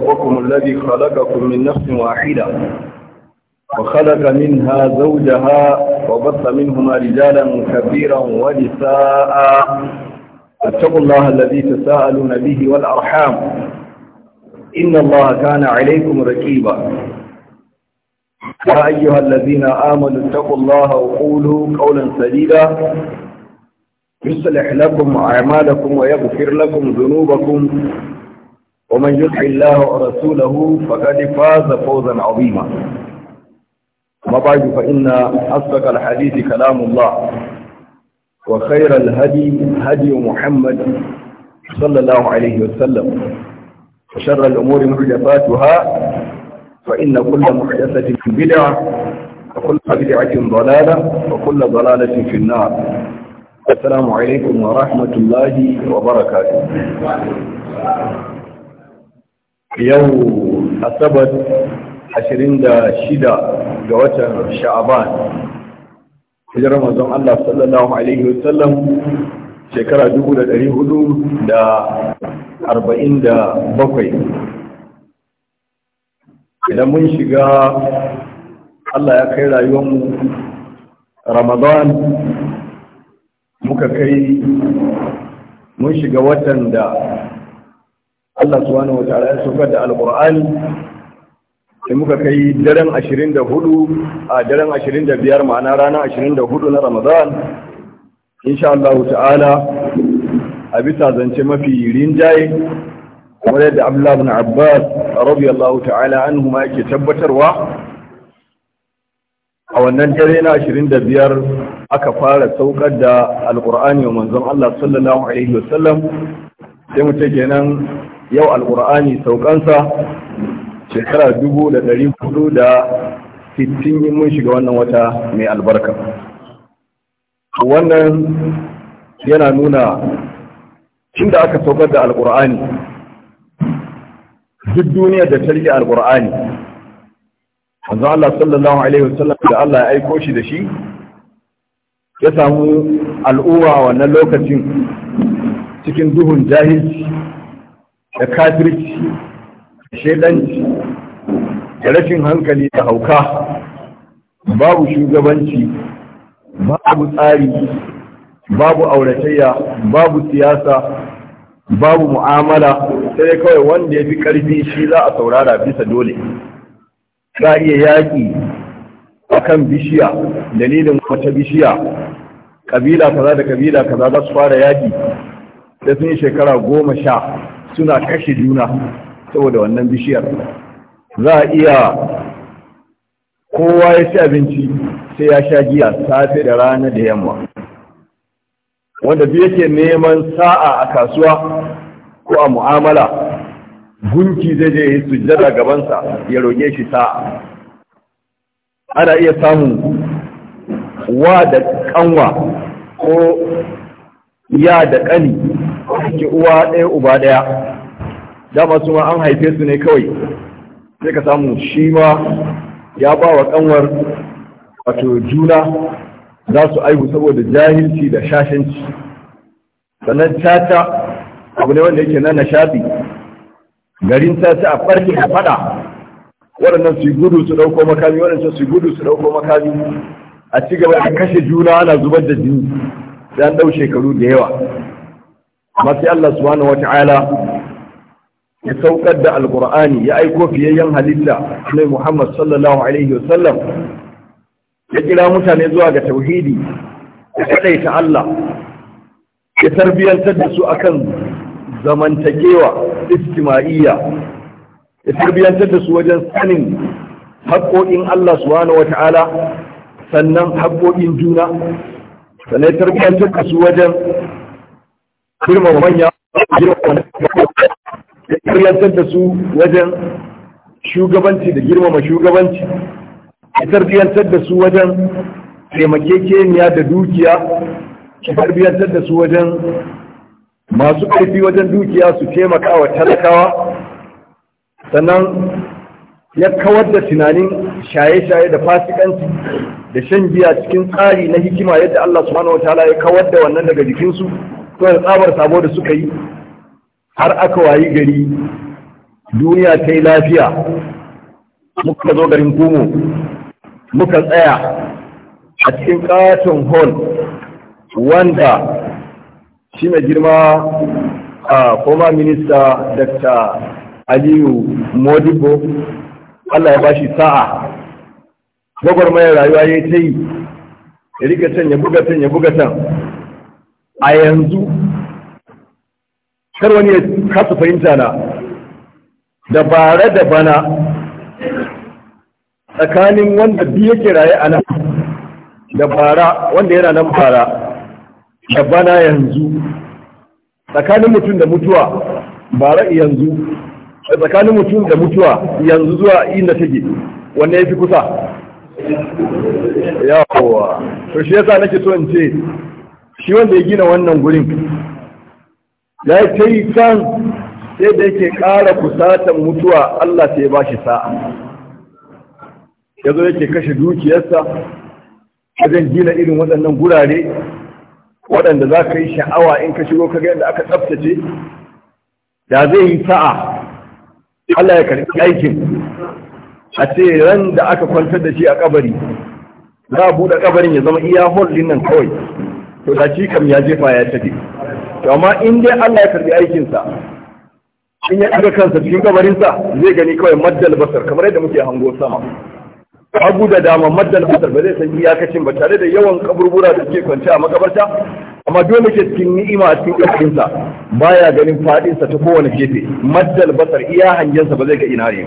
ربكم الذي خلقكم من نفس واحدة وخلق منها زوجها وبث منهما رجالا كثيرا ونساء اتقوا الله الذي تساءلون به والأرحام إن الله كان عليكم ركيبا يا أيها الذين آمنوا اتقوا الله وقولوا قولا سديدا يصلح لكم أعمالكم ويغفر لكم ذنوبكم ومن يطع الله ورسوله فقد فاز فوزا عظيما ما بعد فإن أصدق الحديث كلام الله وخير الهدي هدي محمد صلى الله عليه وسلم وشر الأمور محدثاتها فإن كل محدثة بدعة وكل بدعة ضلالة وكل ضلالة في النار السلام عليكم ورحمة الله وبركاته yau asabar 26 ga watan sha'aban hijirar manzon Allah sallallahu alaihi wasallam shekara 447 idan mun shiga Allah ya kai rayuwarmu ramadan muka kai mun shiga watan da Allah subhanahu wa ta'ala ya saukar da alqur'ani sai muka kai daren 24 a daren 25 ma'ana ranar 24 na Ramadan insha Allah ta'ala a bisa zance mafi rinjaye kamar yadda Abdullah ibn Abbas radiyallahu ta'ala anhu ma yake tabbatarwa a wannan dare na 25 aka fara saukar da alqur'ani wa manzon Allah sallallahu alaihi wasallam sai mu nan. kenan yau alƙur'ani saukansa shekara dubu da ɗari hudu da sittin yi mun shiga wannan wata mai albarka wannan yana nuna tun da aka saukar da alƙur'ani duk duniyar da ta rike alƙur'ani wanzu Allah sallallahu Alaihi wasallam da Allah ya aiko shi da shi ya samu al'umma wannan lokacin cikin duhun jahilci da kafirci da shaidanci da rashin hankali da hauka babu shugabanci babu tsari babu auratayya babu siyasa babu mu'amala sai kawai wanda ya fi ƙarfi shi za a saurara bisa dole za iya yaƙi a kan bishiya dalilin wata bishiya ƙabila kaza da ƙabila kaza za su fara yaƙi da sun shekara goma sha suna kashe juna saboda wannan bishiyar za a iya kowa ya ci abinci sai ya sha giya safe da rana da yamma wanda biyu yake neman sa'a a kasuwa ko a mu'amala gunki zai je yi sujjada gabansa ya roƙe shi sa'a ana iya samun wa da kanwa ko ya da ƙani ke uwa ɗaya uba ɗaya dama su ma an haife su ne kawai sai ka samu shi ma ya ba wa ƙanwar wato juna za su aihu saboda jahilci da shashanci sannan caca abu ne wanda yake na nashadi garin caca a farki a fada waɗannan su gudu su ɗauko makami waɗancan su gudu su ɗauko makami a ci gaba da kashe juna ana zubar da jini sai dau ɗau shekaru da yawa masu Allah subhanahu wa ta'ala ya saukar da alkur'ani ya aiko fiyayyen halitta mai Muhammad sallallahu alaihi wasallam ya kira mutane zuwa ga tauhidi ya kadaita Allah ya tarbiyantar da su akan zamantakewa istima'iyya ya tarbiyantar da su wajen sanin haƙoƙin Allah subhanahu ta'ala sannan haƙoƙin juna sannan tarbiyyantar da su wajen girma manya tarbiyyantar da su wajen shugabanci da girmama shugabanci tarbiyyantar da su wajen taimakekeniya da dukiya tarbiyyantar da su wajen masu ƙarfi wajen dukiya su taimaka wa talakawa sannan ya kawar da tunanin shaye-shaye da fasikanci da shan giya cikin tsari na hikima yadda Allah subhanahu wataala ya kawar da wannan daga jikinsu to da tsabar sabo da suka yi har aka wayi gari duniya ta yi lafiya muka zo garin kumo muka tsaya a cikin katon hall wanda shi mai girma a former minister dr aliyu modibo Allah ya bashi sa'a gwagwarmayar rayuwa ya ta yi ya rika can ya buga can ya buga can a yanzu kar wani ya kasa fahimta na dabara da bana tsakanin wanda biyu yake raye a nan da bara wanda yana nan bara da bana yanzu tsakanin mutum da mutuwa bara yanzu a tsakanin mutum da mutuwa yanzu zuwa inda take wanne ya fi kusa yawa to shi yasa nake so in ce shi wanda ya gina wannan gurin ya yi ta yi can sai da yake ƙara kusatan mutuwa Allah sai ba shi sa'a ya zo yake kashe dukiyarsa wajen gina irin waɗannan gurare waɗanda za ka yi sha'awa in ka shigo ka ga yadda aka tsaftace da zai yi sa'a Allah ya karɓi aikin a ce ran da aka kwantar da shi a kabari za a buɗe kabarin ya zama iya hollin nan kawai to da shi kam ya jefa ya tafi to amma in dai Allah ya karɓi aikinsa in ya ɗaga kansa cikin kabarinsa zai gani kawai maddal basar kamar yadda muke hango sama Abu da dama na asar ba zai san iyakacin ba tare da yawan kaburbura da ke kwance a makabarta amma dole ke cikin ni'ima a cikin ƙarfinsa baya ganin faɗinsa ta kowane gefe maddan basar iya hangensa ba zai ga ina ne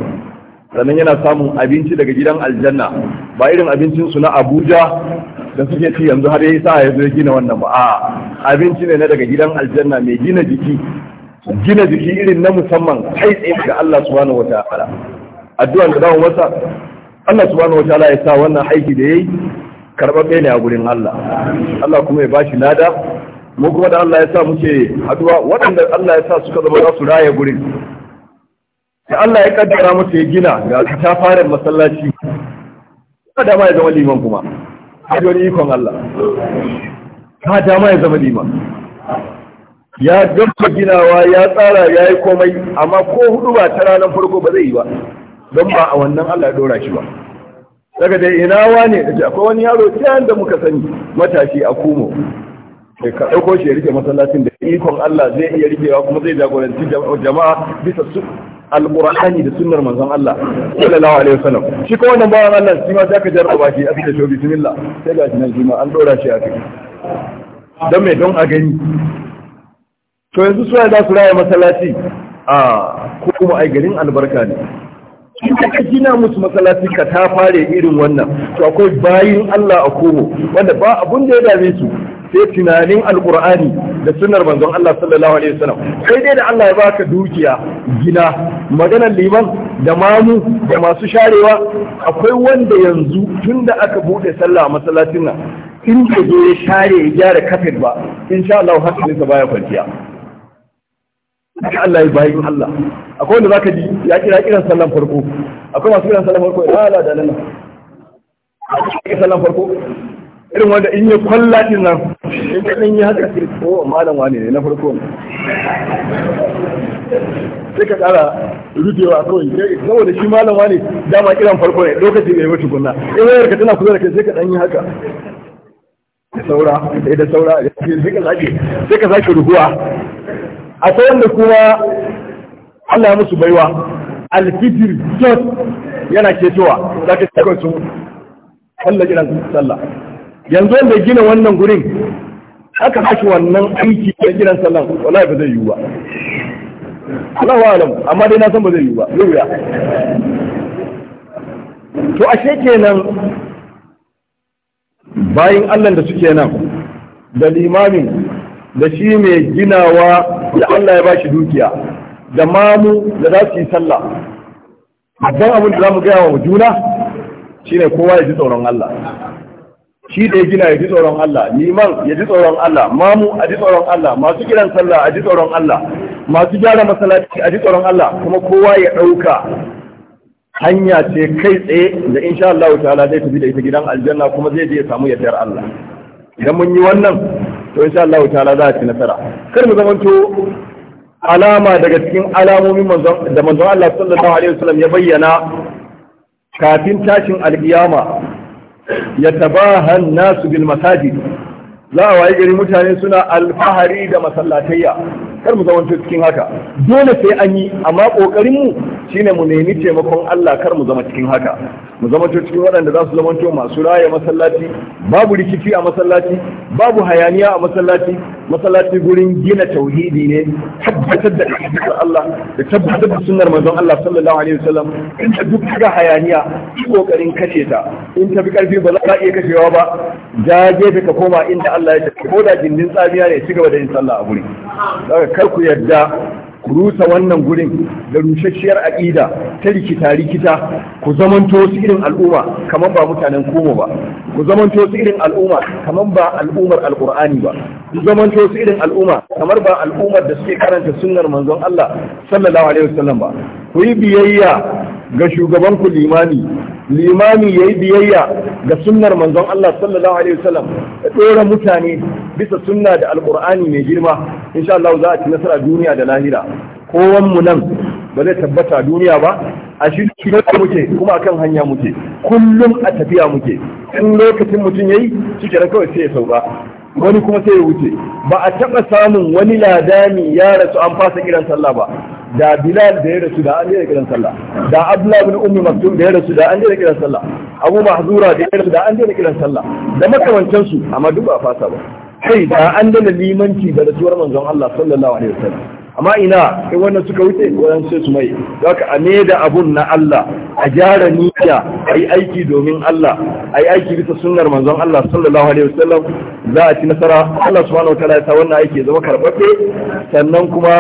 sannan yana samun abinci daga gidan aljanna ba irin abincin su na abuja da suke ci yanzu har yayi sa ya zo gina wannan ba a abinci ne na daga gidan aljanna mai gina jiki gina jiki irin na musamman kai tsaye ga Allah subhanahu wataala addu'a da dawo masa Allah subhanahu wataala ya sa wannan aiki da yayi karɓaɓɓe ne a gurin Allah Allah kuma ya bashi lada mu kuma da Allah ya sa muke haduwa waɗanda Allah ya sa suka zama za su raya gurin da Allah ya kaddara musu ya gina ga ta fara masallaci ka dama ya zama liman kuma a wani ikon Allah ka dama ya zama liman ya gamsa ginawa ya tsara ya yi komai amma ko hudu ba ta ranar farko ba zai yi ba don ba a wannan Allah ya dora shi ba daga dai ina wane da akwai wani yaro can da muka sani matashi a kumo sai ka ɗauko shi ya rike masallacin da ikon Allah zai iya rikewa kuma zai jagoranci jama'a bisa su alƙur'ani da sunnar manzon Allah sallallahu alaihi wasallam shi ko wannan bawan Allah shi ma ka jarraba shi a cikin shobi bismillah sai ga shi nan shi ma an dora shi a kai dan me don a gani to yanzu su za su raya masallaci a ko kuma ai garin albarka ne in ka gina musu masallaci ka ta fare irin wannan to akwai bayin Allah a koho wanda ba abun da ya dame su sai tunanin alkur'ani da sunar manzon Allah sallallahu alaihi wasallam kai dai da Allah ya baka dukiya gina maganar liman da mamu da masu sharewa akwai wanda yanzu tunda aka bude sallah masallacin nan in bai zo ya share ya gyara kafet ba insha Allah hasilinsa baya kwanciya haka Allah ya bayin Allah akwai wanda zaka ji ya kira kiran sallan farko akwai masu kiran sallan farko ya ala da lana akwai sallan farko irin wanda in ya kwalla din nan in ka dan yi haka sai ko malam wani ne na farko sai ka kara rudewa kawai saboda shi malam wani dama kiran farko ne lokaci bai wuce kunna in wayar ka tana kusa da kai sai ka dan yi haka da saura sai da saura sai ka sake sai ka sake ruhuwa akwai wanda kuma Allah ya musu baiwa alfijir jos yana cewa za ka cikin su Allah gina su sallah yanzu wanda gina wannan gurin aka haki wannan aiki da gidan sallah wallahi ba zai yiwu ba Allah wa alam amma dai na san ba zai yiwu ba zai ya to ashe kenan bayin Allah da suke nan da limamin da shi mai ginawa da Allah ya ba shi dukiya da mamu da za su yi sallah babban abin da za mu gaya wa juna shine kowa ya ji tsoron Allah shi da ya gina ya ji tsoron Allah liman ya ji tsoron Allah mamu a ji tsoron Allah masu kiran sallah a ji tsoron Allah masu gyara masalaci a ji tsoron Allah kuma kowa ya ɗauka hanya ce kai tsaye da insha Allah ta'ala zai tafi da ita gidan aljanna kuma zai je ya samu yardar Allah idan mun yi wannan to insha Allah ta'ala za a ci nasara kar mu zamanto alama daga cikin alamomin da manzon Allah sallallahu alaihi wasallam ya bayyana kafin tashin alkiyama ya tabahan nasu bil masajid za a waye gari mutane suna alfahari da masallatayya kar mu zamanto cikin haka dole sai an yi amma kokarin mu shine mu nemi taimakon Allah kar mu zama cikin haka mu zama cikin waɗanda za su zamanto masu raya masallaci babu rikici a masallaci babu hayaniya a masallaci masallaci gurin gina tauhidi ne tabbatar da ɗaukar Allah da tabbatar da sunnar manzon Allah sallallahu alaihi wasallam in ta duk ga hayaniya ki kokarin kace ta in ta bi karfi ba za ka iya kashewa ba jage ka koma inda Allah ya tafi ko da gindin tsamiya ne ci gaba da yin sallah a guri kar ku yarda ku rusa wannan gurin da rushasshiyar aƙida ta rikita rikita ku zamanto su irin al'umma kamar ba mutanen koma ba ku zamanto su irin al'umma kamar ba al'ummar alƙur'ani ba ku zamanto su irin al'umma kamar ba al'ummar da suke karanta sunnar manzon Allah sallallahu alaihi wasallam ba ku yi biyayya ga shugaban ku limami limami yayi biyayya ga sunnar manzon Allah sallallahu alaihi wasallam ya dora mutane bisa sunna da alkur'ani mai girma insha Allah za a ci nasara duniya da lahira kowan mu nan ba zai tabbata duniya ba a shi muke kuma akan hanya muke kullum a tafiya muke in lokacin mutum yayi shi kawai sai ya sauka wani kuma sai ya wuce ba a taɓa samun wani ladani ya rasu an fasa kiran sallah ba da bilal da ya rasu da an daina kiran sallah da abdullah bin ummi maktum da ya rasu da an daina kiran sallah abu mahzura da ya rasu da an daina kiran sallah da makamantan su amma duk ba fasa ba kai da an daina limanci da rasuwar manzon Allah sallallahu alaihi wasallam amma ina sai wannan suka wuce wannan sai su mai zaka a da abun na Allah a gyara niyya a yi aiki domin Allah a yi aiki bisa sunnar manzon Allah sallallahu alaihi wasallam za a ci nasara Allah subhanahu wataala ya sa wannan aiki ya zama karbabbe sannan kuma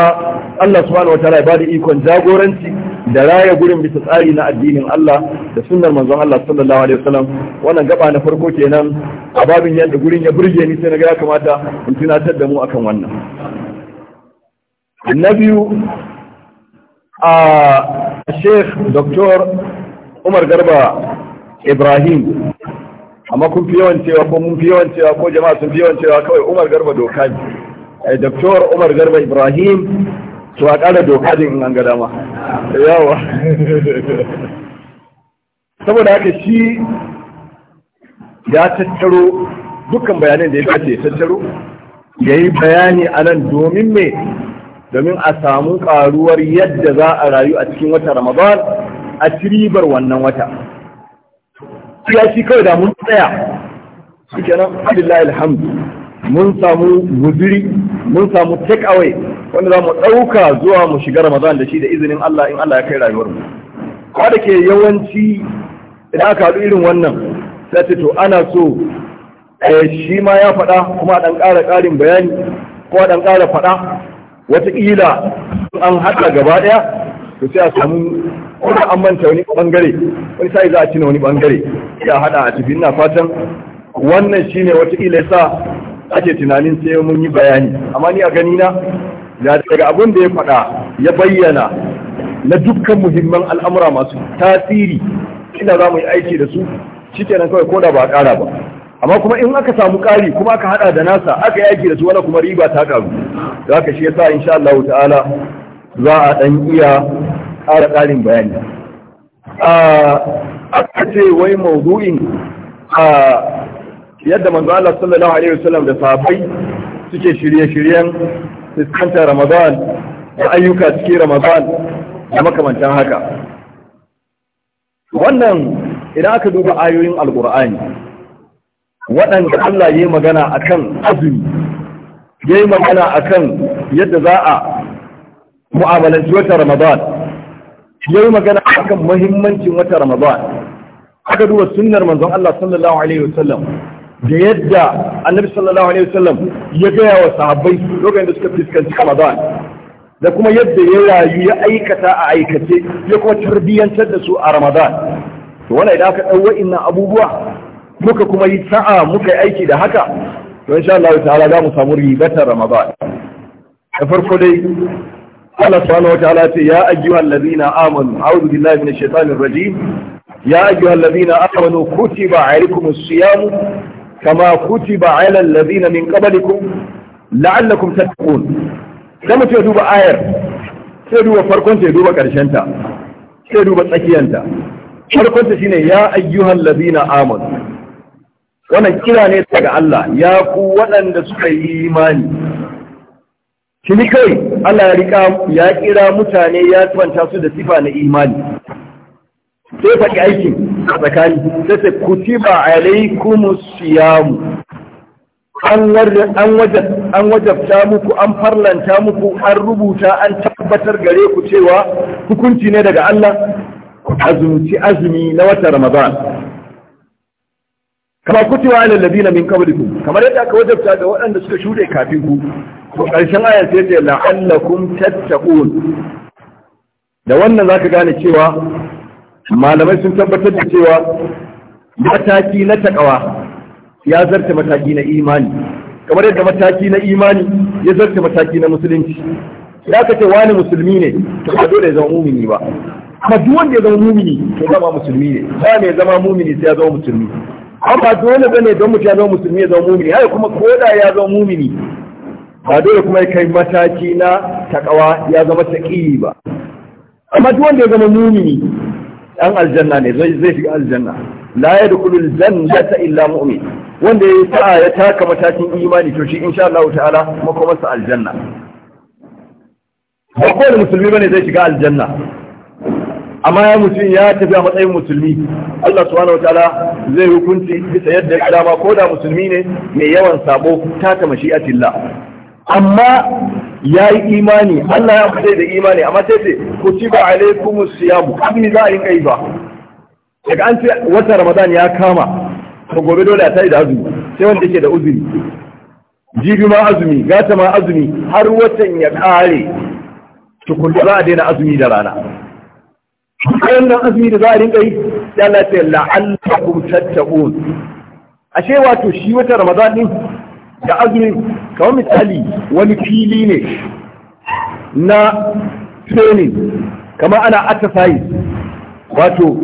Allah subhanahu wataala ya bada ikon jagoranci da raya gurin bisa tsari na addinin Allah da sunnar manzon Allah sallallahu alaihi wasallam wannan gaba na farko kenan a babin yadda gurin ya burge ni sai na ga kamata in tunatar da mu akan wannan na biyu a sheikh doktor umar garba ibrahim amma kun fi yawan cewa ko mun fi yawan cewa ko jama'a sun fi yawan cewa kawai umar garba doka ne eh, doktor umar garba ibrahim to a ƙara doka din in an ga dama yawa saboda haka shi ya tattaro dukkan bayanan da ya dace ya tattaro ya yi bayani a nan domin me domin a samu ƙaruwar yadda za a rayu a cikin wata ramadan a ribar wannan wata ya shi kawai da mun tsaya shi kenan alhamdulillah alhamdu mun samu guziri mun samu take away wanda za mu ɗauka zuwa mu shiga ramadan da shi da izinin Allah in Allah ya kai rayuwar mu ko da ke yawanci idan aka haɗu irin wannan sai to ana so eh, shi ma ya faɗa kuma a ɗan ƙara ƙarin bayani ko a ɗan ƙara faɗa wataƙila an haɗa gaba ɗaya to sai a samu kuma an manta wani ɓangare wani sai za a cina wani ɓangare sai a haɗa a tafi ina fatan wannan shine wataƙila yasa ake tunanin sai mun yi bayani amma ni a gani na daga abin da ya faɗa ya bayyana na dukkan muhimman al'amura masu tasiri ina za mu yi aiki da su shi kenan kawai ko da ba a ƙara ba amma kuma in aka samu ƙari kuma aka hada da nasa aka yi da su wani kuma riba ta karu Za ka shi yasa insha Allah ta'ala za a dan iya ƙara ƙarin bayani aka ce wai maudu'in a yadda manzo Allah sallallahu alaihi wasallam da sahabbai suke shirye-shiryen fuskantar Ramadan da ayyuka cikin Ramadan da makamantan haka wannan idan aka duba ayoyin Alƙur'ani waɗanda Allah ya yi magana akan azumi ya yi magana akan yadda za a mu'amalanci wata ramadan ya yi magana akan mahimmancin wata ramadan aka duba sunnar manzon Allah sallallahu alaihi wasallam da yadda annabi sallallahu alaihi wasallam ya gaya wa sahabbai lokacin da suka fuskanci ramadan da kuma yadda ya rayu ya aikata a aikace ya kuma tarbiyyantar da su a ramadan to wannan idan aka ɗau wa'innan abubuwa muka kuma yi sa'a muka yi aiki da haka to insha Allah ta'ala za mu samu ribatar Ramadan da farko dai Allah subhanahu wa ta'ala ce ya ayyuhal ladina amanu a'udhu billahi minash shaitanir rajim ya ayyuhal ladina amanu kutiba alaykumus siyam kama kutiba ala alladhina min qablikum la'allakum tattaqun sai mutum duba ayar sai duba farkon ta ya duba karshen ta sai duba tsakiyanta farkon ta shine ya ayyuhal ladina amanu wannan kira ne daga Allah ya ku waɗanda suka yi imani shi ni kai Allah ya rika ya kira mutane ya kwanta su da sifa na imani sai faɗi aikin a tsakani sai sai kutiba alaikumus siyamu an wajabta muku an farlanta muku an rubuta an tabbatar gare ku cewa hukunci ne daga Allah azumci azumi na watan Ramadan kama kutuwa ala labina min qablikum kamar yadda aka wajabta ga waɗanda suka shuɗe kafin ku to ƙarshen ayat sai ce la'allakum tattaqun da wannan zaka gane cewa malamai sun tabbatar da cewa mataki na takawa ya zarta mataki na imani kamar yadda mataki na imani ya zarta mataki na musulunci ya ka ce wani musulmi ne to ba dole ya zama mumini ba amma duk wanda ya zama mumini to zama musulmi ne ba ne ya zama mumini sai ya zama musulmi an ba dole bane don mutum ya zama musulmi ya zama mumini haka kuma koda ya zama mumini ba dole kuma ya kai mataki na takawa ya zama taƙi ba amma duk wanda ya zama mumini ɗan aljanna ne zai shiga aljanna la yadkhulu aljannata illa mu'min wanda ya sa ya taka matakin imani to shi insha Allah ta'ala makomarsa aljanna ba kowane musulmi bane zai shiga aljanna amma ya mutum ya tafi a matsayin musulmi Allah subhanahu wataala zai hukunci bisa yadda ya dama ko da musulmi ne mai yawan sabo ta ta tilla. amma ya yi imani Allah ya fice da imani amma sai ce ku ci ba alaikumus siyamu abin za a yi kai ba daga an ce wata ramadan ya kama to gobe dole a tayi da azumi sai wanda yake da uzuri jibi ma azumi gata ma azumi har watan ya kare tukunna za a daina azumi da rana bayan nan azumi da za a rinka yi ya lafiya la'allakum tattaqun ashe wato shi wata ramadan din da azumi kamar misali wani fili ne na training kamar ana exercise wato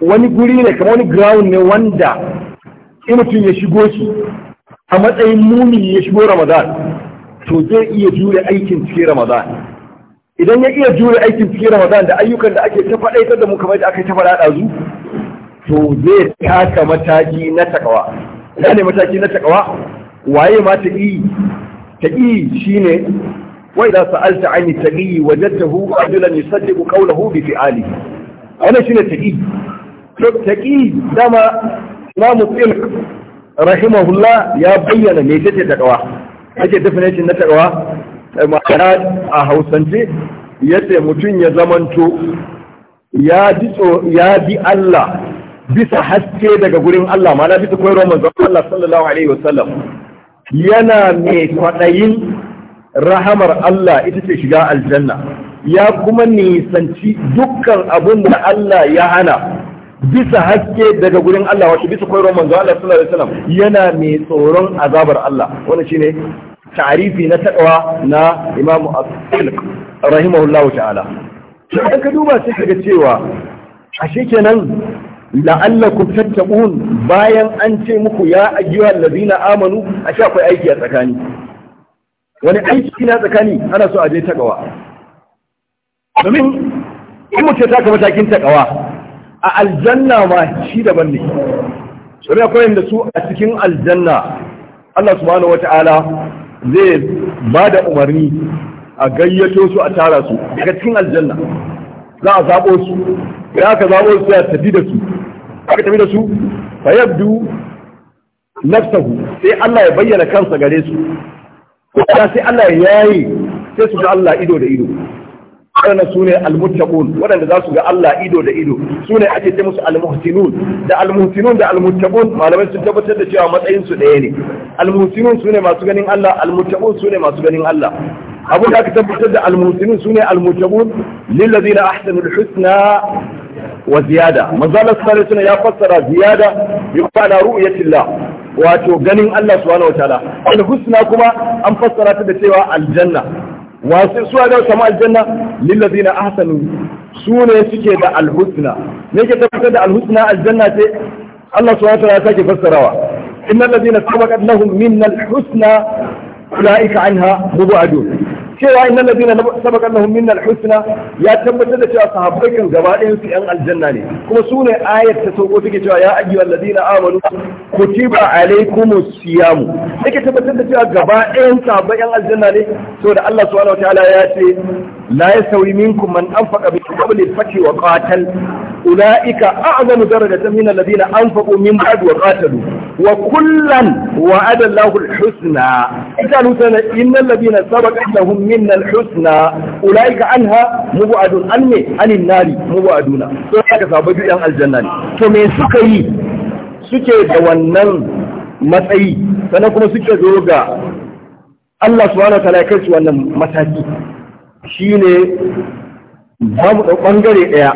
wani guri ne kamar wani ground ne wanda in mutum ya shigo shi a matsayin mumi ya shigo ramadan to zai iya jure aikin cikin ramadan idan ya iya jure aikin cikin ramadan da ayyukan da ake ta faɗaitar da mu kamar da aka ta faɗa ɗazu to zai taka mataki na takawa ya ne mataki na takawa waye ma ta yi ta yi shine wa idan sa'alta ani taqi wajadtahu ku yusaddiqu qawluhu bi Ali. wannan shine taqi to taqi dama Imam Tsilk rahimahullah ya bayyana mai me take takawa ake definition na takawa ma'ana a hausance yadda mutum ya zamanto ya ji ya bi Allah bisa haske daga gurin Allah ma'ana bisa koyarwar manzo Allah sallallahu alaihi wasallam yana mai kwaɗayin rahamar Allah ita ce shiga aljanna ya kuma nisanci dukkan abun da Allah ya hana bisa haske daga gurin Allah wato bisa koyarwar manzo Allah sallallahu alaihi wasallam yana mai tsoron azabar Allah wannan shine ta'arifi na taqwa na Imam Al-Silk rahimahullahu ta'ala idan ka duba sai kaga cewa ashe kenan la'allakum tattabun bayan an ce muku ya ayyuhal ladina amanu a sha akwai aiki a tsakani wani aiki na tsakani ana so a je taqwa domin in mutum ta ka matakin taqwa a aljanna ma shi daban ne shari'a koyin da su a cikin aljanna Allah subhanahu wata'ala zai ba da umarni a gayyato su a tara su daga cikin aljanna za a zaɓo su Ya aka zaɓo su sai a tafi da su aka tafi da su fa yabdu nafsahu sai Allah ya bayyana kansa gare su ko sai Allah ya yayi sai su ga Allah ido da ido waɗanda su ne almuttaqun waɗanda za su ga Allah ido da ido su ne ake ce musu almuhsinun da almuhsinun da almuttaqun malamai sun tabbatar da cewa matsayin su ɗaya ne almuhsinun su ne masu ganin Allah almuttaqun su ne masu ganin Allah abu da aka tabbatar da almuhsinun su ne almuttaqun lillazina ahsanul husna wa ziyada manzo Allah sallallahu ya fassara ziyada bi ma'ana ru'yatillah wato ganin Allah subhanahu wa al husna kuma an fassara ta da cewa aljanna wasu suwa da sama aljanna lillazina ahsanu su ne suke da alhusna ne ke tabbatar da alhusna aljanna ce Allah subhanahu wa ta'ala sake fassarawa innal ladina sabaqat lahum minna alhusna ulaika anha mubadun cewa inna ladina sabaka lahum minna alhusna ya tabbatar da cewa sahabbai kan gaba ɗayan su yan aljanna ne kuma su ne ayat ta sauko take cewa ya ayyuhal ladina amanu kutiba alaikumus siyam take tabbatar da cewa gaba ɗayan sahabbai yan aljanna ne saboda Allah subhanahu wataala ya ce la yasawi minkum man anfaqa bi qabli al-fath wa qatal ulaika a'zamu darajatan min alladhina anfaqu min ba'd wa qatalu wa kullan wa'ada Allahu al-husna ita lutana innal ladina sabaqat lahum minna al-husna ulaika anha mubadun an me anin nari mubaduna so aka sabu duk yan aljanna to me suka yi suke da wannan matsayi sannan kuma suke zo ga Allah subhanahu wataala kai su wannan mataki shine babu bangare daya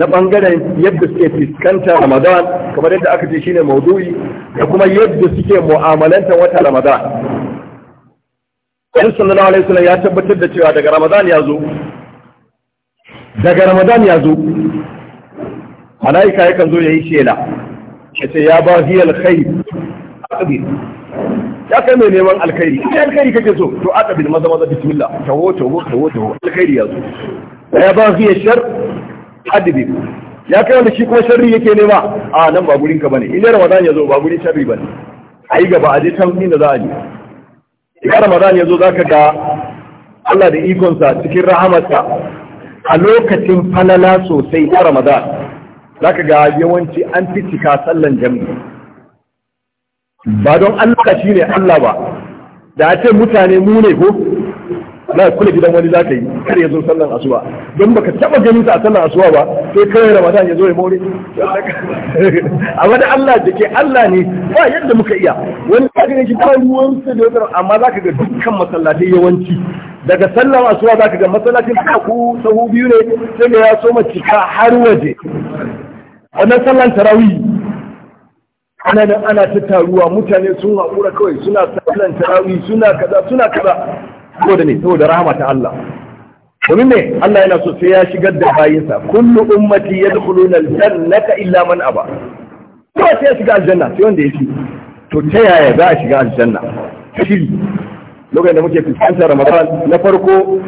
na ɓangaren yadda suke fiskanta ramadan kamar yadda aka ce shine maudu'i da kuma yadda suke mu'amalanta wata ramadan Annabi sallallahu alaihi wasallam ya tabbatar da cewa daga Ramadan ya zo daga Ramadan ya zo malaika yakan zo yayi shela yace ya ba hiyal khair aqbil ya kai mai neman alkhairi ina alkhairi kake so to aqbil maza maza bismillah tawo tawo tawo tawo alkhairi ya zo ya ba hiyal shar adbil ya kai wanda shi kuma sharri yake nema a nan ba gurin ka bane ina Ramadan ya zo ba gurin sharri bane ai gaba aje can inda za a je idan ramadan ya zo za ka ga Allah da ikonsa cikin rahamarsa a lokacin falala sosai a ramadan za ka ga yawanci an fitika cika sallan jami'i ba don Allah shi ne Allah ba da a ce mutane mu ne ko la kula gidan wani zaka yi kar ya zo sallan asuba don baka taba ganin sa a sallan asuba ba sai kawai ramadan ya zo ya more a wani Allah da Allah ne ba yadda muka iya wani zaka ne shi ba ruwan sa da wata amma zaka ga dukkan masallatai yawanci daga sallan asuba zaka ga masallacin ku sahu biyu ne sai ga ya soma cika har waje wannan sallan tarawih ana nan ana ta taruwa mutane sun haƙura kawai suna sallan tarawih suna kaza suna kaza saboda ne saboda rahama ta Allah domin me Allah yana so sai ya shigar da bayinsa kullu ummati yadkhuluna aljannata illa man aba ko sai ya shiga aljanna sai wanda yake to ta yaya za a shiga aljanna shiri lokacin da muke fuskantar Ramadan na farko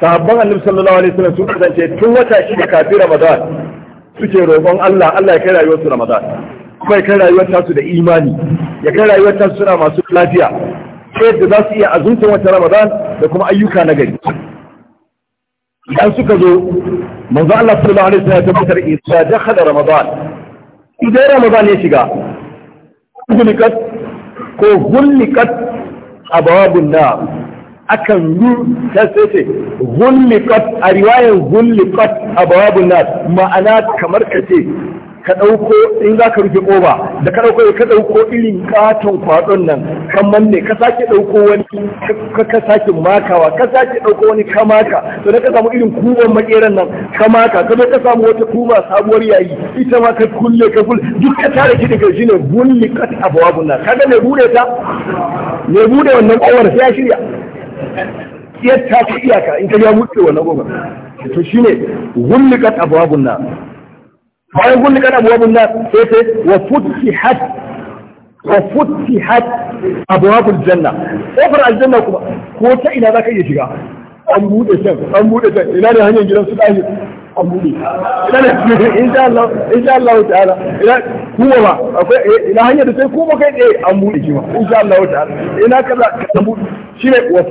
sahabban Annabi sallallahu alaihi wasallam sun kasance tun wata shi da kafin Ramadan suke roƙon Allah Allah ya kai su Ramadan kai kai rayuwar tasu da imani ya kai rayuwar tasu suna masu lafiya ta yadda za su iya azumta wata ramadan da kuma ayyuka na gari idan suka zo manzo Allah sallallahu alaihi wasallam ya tabbatar idza dakhala ramadan idan ramadan ya shiga gulikat ko gulikat ababun na akan yi ta sai a riwayar a ababun na ma'ana kamar ka ce ka ɗauko in za ka rufe ƙoba da ka ɗauko ka ɗauko irin katon kwaɗon nan kan manne ka sake ɗauko wani ka sake makawa ka sake ɗauko wani ka maka to da ka samu irin kuban makeran nan ka maka ka ka samu wata kuba sabuwar yayi ita ma ka kulle ka kulle duk ka tare ki daga shi ne bulli abuwa bunna Ka ga mai bude ta mai bude wannan ƙowar sai ya shirya iyar ta iyaka in ka ya mutu wannan ƙowar to shine ta abuwa nan bayan kulli kana abwabun nar sai sai wa futihat wa futihat abwabul janna kofar aljanna kuma ko ta ina zaka iya shiga an bude can an bude can ina ne hanyar gidan su dahi an bude ina ne insha Allah insha Allah ina kuma ba akwai eh, hanyar da sai kuma kai tsaye an bude ma insha Allah ta'ala ina shine wa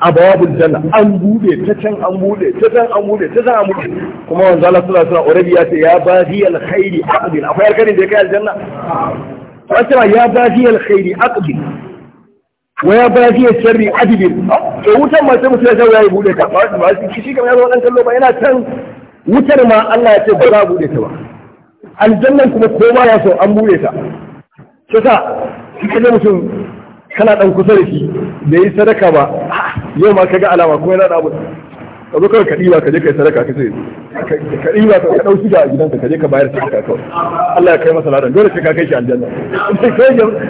a bawabul janna an bude ta can an bude ta can an bude ta can an bude kuma wanzu Allah sallallahu alaihi wasallam ya ce ya ba bahi alkhairi aqbil akwai alkhairin da ya kai aljanna ma ya ba bahi alkhairi aqbil wa ya ba bahi sharri adbil oh, to wutan ma sai mutum ya ya yi bude ta ba shi shi kamar yazo dan kallo ba yana can wutar ma Allah ya ce ba za a bude ta ba aljannan kuma kowa ya so an bude ta sai sa shi kaje mutum kana dan kusa da shi Bai yi sadaka ba yau ma kaga alama kuma yana da abu ka zo kawai ka ɗiba ka je ka yi sadaka ka sai ka ɗiba ka ɗau shiga a gidanka ka je ka bayar sadaka kawai Allah ya kai masa ladan dole sai ka kai shi aljanna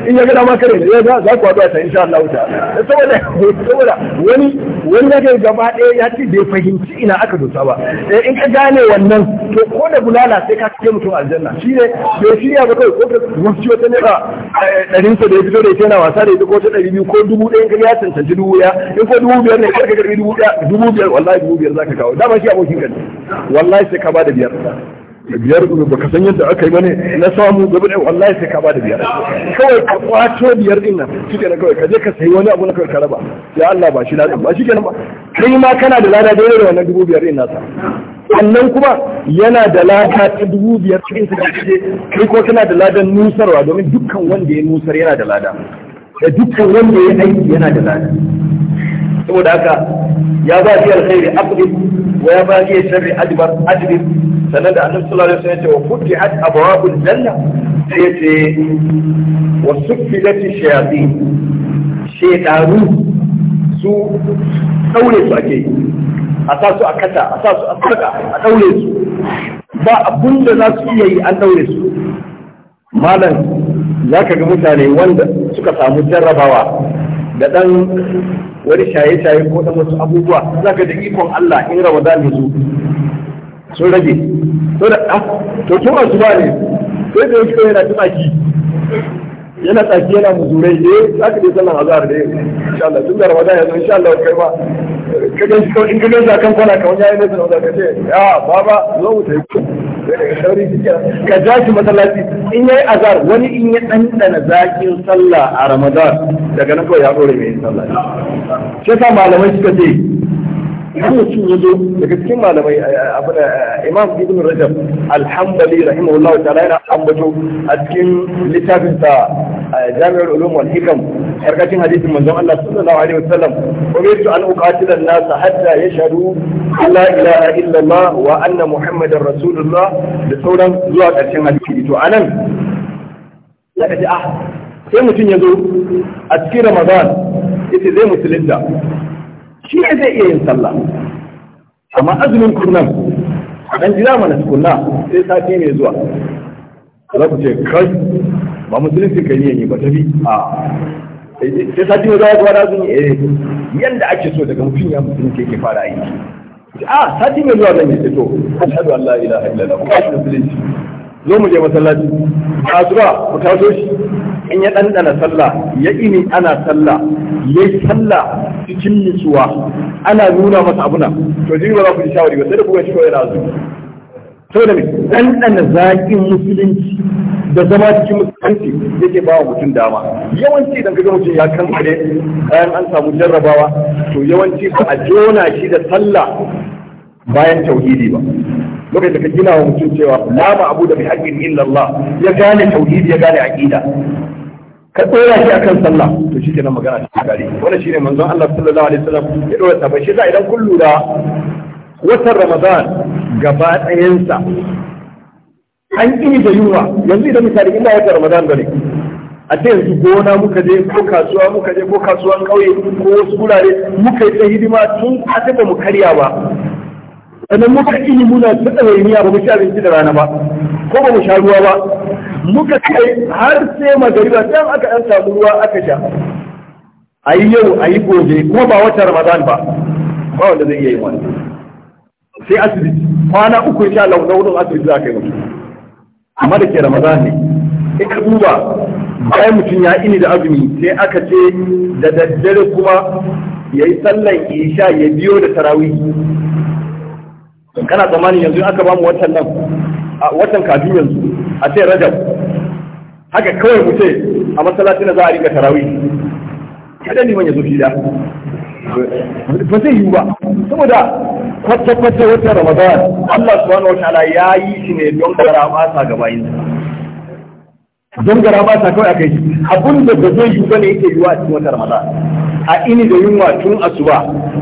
in ya ga ma kare ne ya za ku haɗu a ta insha Allah ta saboda saboda wani wani ya kai gaba ɗaya ya ce bai fahimci ina aka dosa ba eh, in ka gane wannan to ko da bulala sai ka kai mutum aljanna shi ne bai shirya ba kawai ko ka wasu wata naira eh, ɗarin sa da ya fito da ita yana wasa da ita ko ta ɗari biyu ko dubu ɗaya in ka ya cancanci dubu ɗaya in ko dubu biyar ne ka karɓi dubu ɗaya dubu biyar wallahi dubu biyar zaka kawo dama shi abokin ka wallahi sai ka bada biyar biyar ba ka san yadda aka yi bane na samu gaba da wallahi sai ka bada biyar kawai ka kwato biyar din nan shike na kawai ka je ka sayi wani abu na kawai ka raba ya Allah ba shi ladan ba shike nan ba kai ma kana da lada dole da wannan dubu biyar din nasa wannan kuma yana da lada ta dubu biyar cikin sa kake kai ko kana da ladan nusarwa domin dukkan wanda ya nusar yana da lada da dukkan wanda ya aiki yana da lada saboda haka ya ba shi alkhairi aqdim wa ya ba shi sharri adbar adbir sannan da annabi sallallahu alaihi wasallam ya ce wa futihat abwabul janna sai ya ce wa suffilat shayatin shaytanu su daure su ake a sa su a kata a sa su a saka a daure su ba abun da za su iya yi an daure su malam za ka ga mutane wanda suka samu jarrabawa da ɗan wani shaye-shaye ko da wasu abubuwa za ka da ikon Allah in Ramadan ya zo sun rage to da ah to su ba ne sai da yake yana tsaki yana tsaki yana muzurai eh za ka dai sallan azhar dai insha Allah tun da Ramadan ya zo insha Allah kai ba ka ga in ka ga kan kwana kawai kamar yayin da za ka ce ya baba zo mu tafi ka ja shi masallaci in yayi azar wani in ya dandana zakin sallah a ramadan daga nan kawai ya dore mai sallah shi yasa malamai suka ce idan mutum ya zo daga cikin malamai imam ibn rajab alhambali rahimahullahu ta'ala yana ambato a cikin littafinsa a jami'ar ulum wal hikam karkashin hadisin manzon Allah sallallahu alaihi wasallam umirtu an uqatila an-nas hatta yashhadu an la ilaha illa Allah wa anna muhammadar rasulullah da sauran zuwa karshen hadisi to anan zaka ji ah sai mutum ya zo a cikin Ramadan yace zai musulunta shi ne zai iya yin sallah amma azumin kunnan dan jira mana tukunna sai sati ne zuwa za ku ce kai ba musulunci ka yi ba tafi a sai sati ne za ka fara azumi eh yanda ake so daga mutum ya musulunci ke fara aiki a sati mai zuwa zan yi fito ashhadu Allah ila ila. illallah ko shi musulunci zo mu je masallaci kasuwa mu taso shi in ya ɗanɗana sallah ya ini ana sallah ya yi sallah cikin nutsuwa ana nuna masa abuna to jini ba za ku ji shawari ba sai da kuka shi kawai na azumi saboda mai ɗanɗana zaƙin musulunci da zama cikin musulunci yake ba wa mutum dama yawanci idan kaga mutum ya kankare bayan an samu jarrabawa to yawanci ba a jona shi da sallah bayan tauhidi ba lokacin da ka gina wa mutum cewa la ma abu da bi haqqin illallah ya gane tauhidi ya gane aqida ka tsora shi akan sallah to shi kenan magana ta gare wannan shine manzon Allah sallallahu alaihi wasallam ya dora ta bai shi idan kun lura watan Ramadan gaba ɗayansa an ƙi da yunwa yanzu idan misali ina wata ramadan bane a ce yanzu gona muka je ko kasuwa muka je ko kasuwan ƙauye ko wasu gurare muka yi ta hidima tun a ba mu karya ba sannan muka ƙi muna ta niyya ba mu ci abinci da rana ba ko ba mu sha ruwa ba muka kai har sai magariba dan aka ɗan samu ruwa aka sha a yi yau a yi gobe ko ba wata ramadan ba ba wanda zai iya yi wani sai asibiti kwana uku insha Allah launin wurin asibiti za ka yi mutum amma da ke ramadan ne in ka duba bayan mutum ya ini da azumi sai aka ce da daddare kuma ya yi sallan isha ya biyo da tarawih kana tsammanin yanzu aka bamu watan nan a watan kafin yanzu a ce rajab haka kawai mu ce a masallaci na za a rika tarawih kada ne ya zo fida ba zai yiwu ba saboda kwata-kwata wata Ramadan Allah subhanahu wataala ya yi shi ne don gara masa ga bayinsa don gara masa kawai aka yi abin da ba zai yi ba ne yake yiwa a cikin wata Ramadan a ini da yunwa tun asuba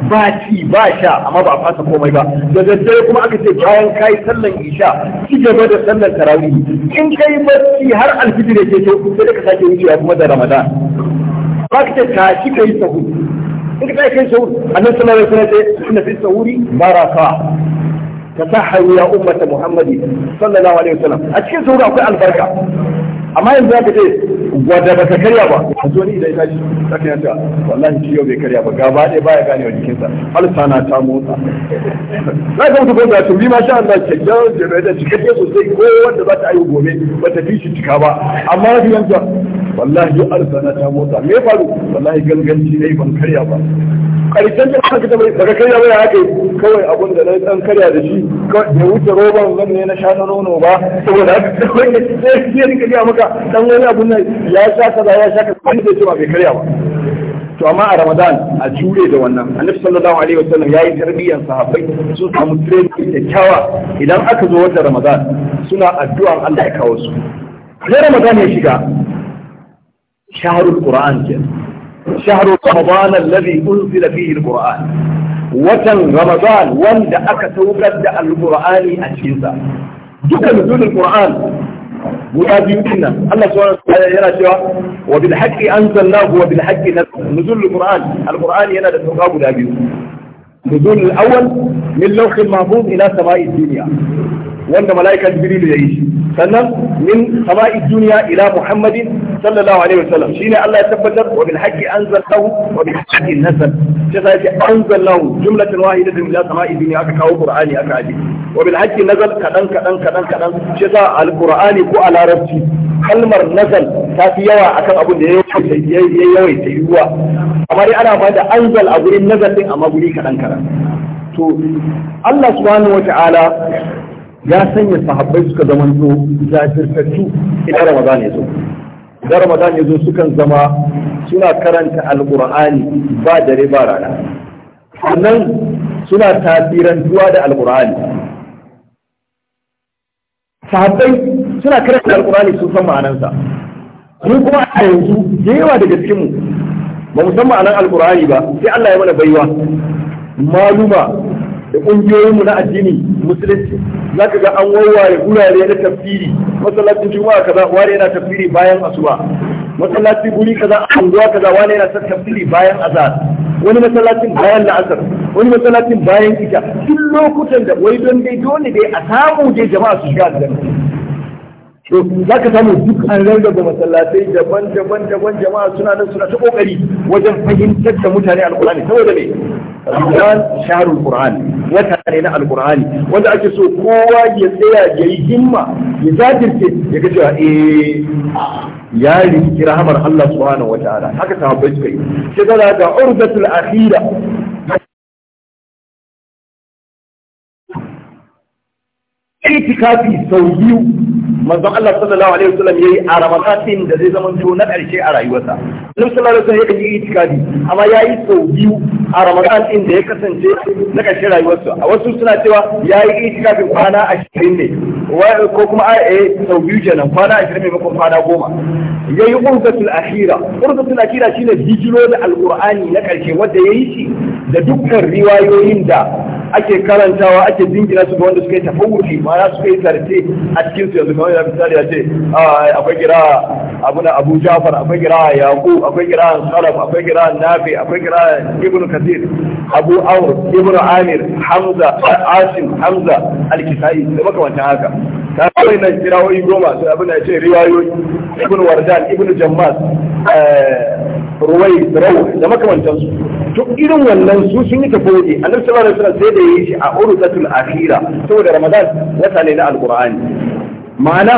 ba ci ba sha amma ba a fasa komai ba da daddare kuma aka ce bayan kai sallan isha ki gaba da sallar tarawih in kai barci har alfijir yake to sai ka sake wucewa kuma da Ramadan ba ka ce tashi kai sahu in ka kai sahur annabi sallallahu alaihi wasallam sai inna fi sahuri baraka tasaharu ya ummata muhammadi sallallahu alaihi wasallam a cikin sahur akwai albarka amma yanzu zaka ce wanda ba ka karya ba a zo ni idan ita shi saka yanta wallahi shi yau bai karya ba gaba ɗaya baya ganewa jikinsa halsa sana ta motsa za ka mutu banza tumbi ma sha Allah kyakkyawan jami'a da cikakke sosai ko wanda za ta ayi gobe ba ta fi shi cika ba amma yanzu wallahi yau arzana ta motsa me faru wallahi ganganci ne ban karya ba karshen da aka ta daga karya ba ya haka kawai abun da na dan karya da shi ya wuce roban zan ne na sha na nono ba saboda haka kawai ne sai ya rika ga maka dan wani abun nan ya sha kaza ya sha kaza wani zai ce bai karya ba to amma a ramadan a jure da wannan annabi sallallahu alaihi wasallam yayi tarbiyyar sahabbai sun samu training kyakkyawa idan aka zo wata ramadan suna addu'an Allah ya kawo su sai ramadan ya shiga شهر القرآن جل شهر رمضان الذي أنزل فيه القرآن وتن رمضان وند توقد القرآن أشيزا دوك نزول القرآن ونادي منا الله سبحانه وتعالى يرى شوى وبالحق أنزلناه وبالحق نزول القرآن القرآن ينا لتقابل أبيه نزول الأول من لوح المحفوظ إلى سماء الدنيا wanda mala'ikan jibril ya yi sannan min sama'i duniya ila muhammadin sallallahu alaihi wasallam shine Allah ya tabbatar wa bil haqqi anzalahu wa bil haqqi nazal shi sai ce anzalahu jumlatan wahidatan ila sama'i duniya aka kawo qur'ani aka aje wa bil haqqi nazal kadan kadan kadan kadan shi sa alqur'ani ko a larabci kalmar nazal ta fi yawa akan abin da ya yawaita yiwuwa amma ana ba da anzal a gurin nazal din amma guri kadan kadan to Allah subhanahu wa ta'ala ya sanya sahabbai suka zama zo jajirtattu idan Ramadan ya zo idan Ramadan ya zo sukan zama suna karanta alqur'ani ba dare ba rana sannan suna tasirantuwa da alqur'ani sahabbai suna karanta alqur'ani sun san ma'anansa mu kuma a yanzu da yawa daga cikin mu ba mu san ma'anar alqur'ani ba sai Allah ya mana baiwa maluma ƙungiyoyinmu na addini musulunci za ka ga an warware gurare na tafsiri masallacin juma'a kaza wani yana tafsiri bayan asuba Masallacin guri kaza a unguwa kaza wani yana tafsiri bayan azar. wani masallacin bayan la'asar wani masallacin bayan ita duk lokutan da wai don dai dole dai a samu dai jama'a su shiga aljanna to za ka samu duk an rarraba masallatai daban daban daban jama'a suna nan suna ta kokari wajen fahimtar da mutane alkur'ani saboda me Ramadan shahrul Qur'an wata ne na alkur'ani wanda ake so kowa ya tsaya ya yi himma ya zajirce ya ga cewa eh ya riki rahamar Allah subhanahu wataala haka sahabbai suka yi sai ga urdatul akhira itikafi sau biyu manzon Allah sallallahu alaihi wasallam yayi a Ramadan da zai zama to na karshe a rayuwarsa Annabi sallallahu alaihi wasallam yayi itikafi amma yayi sau biyu a ramadan din da ya kasance na karshe rayuwarsa a wasu suna cewa yayi itikafin kwana 20 ne ko kuma a eh sau biyu kenan kwana 20 maimakon kwana goma yayi urdatul akhira urdatul akhira shine bijiro da alqur'ani na karshe wanda yayi shi da dukkan riwayoyin da ake karantawa ake dingina su ga wanda suka yi tafawuci ma'ana suka yi tarte a cikin su yanzu kamar yana misali ya ce akwai kira abuna Abu Ja'far akwai kira Yaqub akwai kira Salaf akwai kira Nafi akwai kira Ibn Kathir Abu aur Ibn Amir Hamza Asim Hamza Al-Kisai da makamantan haka ta kawai nan kirawoyi goma su abin da ce riwayoyi ibn wardan ibn jammas eh, ruwai Ra'u da makamantansu to irin wannan su sun yi tafoji annabi sallallahu alaihi wasallam sai da yi shi a urzatul akhira saboda ramadan wata ne na alqur'ani ma'ana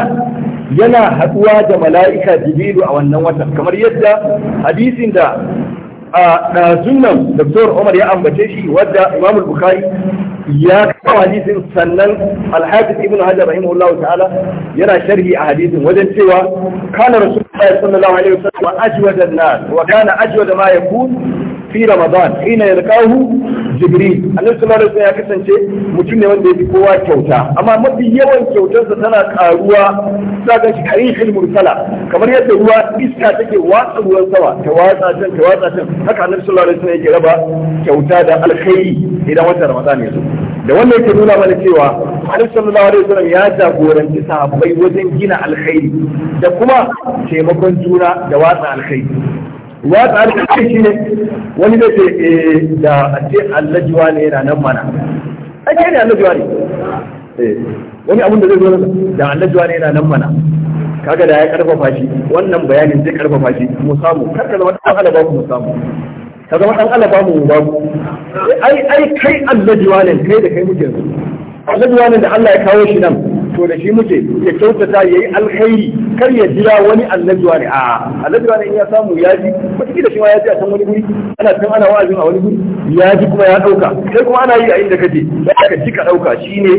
yana haduwa da mala'ika jibrilu a wannan watan kamar yadda hadisin da a ɗazun nan Dr. Umar ya ambace shi wadda Imam Bukhari ya kawo hadisin sannan alhafiz ibn hajar rahimahullahu ta'ala yana sharhi a hadisin wajen cewa kana rasulullahi sallallahu alaihi wasallam ajwada an-nas wa kana ajwada ma yakun fi ramadan hina yalqahu jibril annabi sallallahu alaihi wasallam ya kasance mutum ne wanda ya fi kowa kyauta amma mafi yawan kyautarsa tana karuwa zaga shi karihil mursala kamar yadda ruwa iska take watsa ruwan sama ta watsa can ta watsa can haka annabi sallallahu alaihi wasallam yake raba kyauta da alkhairi idan watan ramadan ya zo da wannan yake nuna mana cewa Annabi sallallahu alaihi wasallam ya jagoranci sahabbai wajen gina alkhairi da kuma taimakon juna da watsa alkhairi watsa alkhairi shine wani da ke da a ce ne yana nan mana ake ne allajiwa ne wani abun da zai zo da allajiwa ne yana nan mana kaga da ya karfafa shi wannan bayanin zai karfafa shi mu samu karkar wani wahala ba ku mu samu ka zama dan Allah babu mu ai ai kai annabi wanen kai da kai muke annabi wanen da Allah ya kawo shi nan to da shi muke ya kyautata ya yi alkhairi kar ya jira wani annabi wani a annabi wani in ya samu ya ji wataƙila shi ma ya ji a can wani guri ana can ana wa'azin a wani guri ya ji kuma ya ɗauka kai kuma ana yi a inda kaje ya ka ji ka ɗauka Shi ne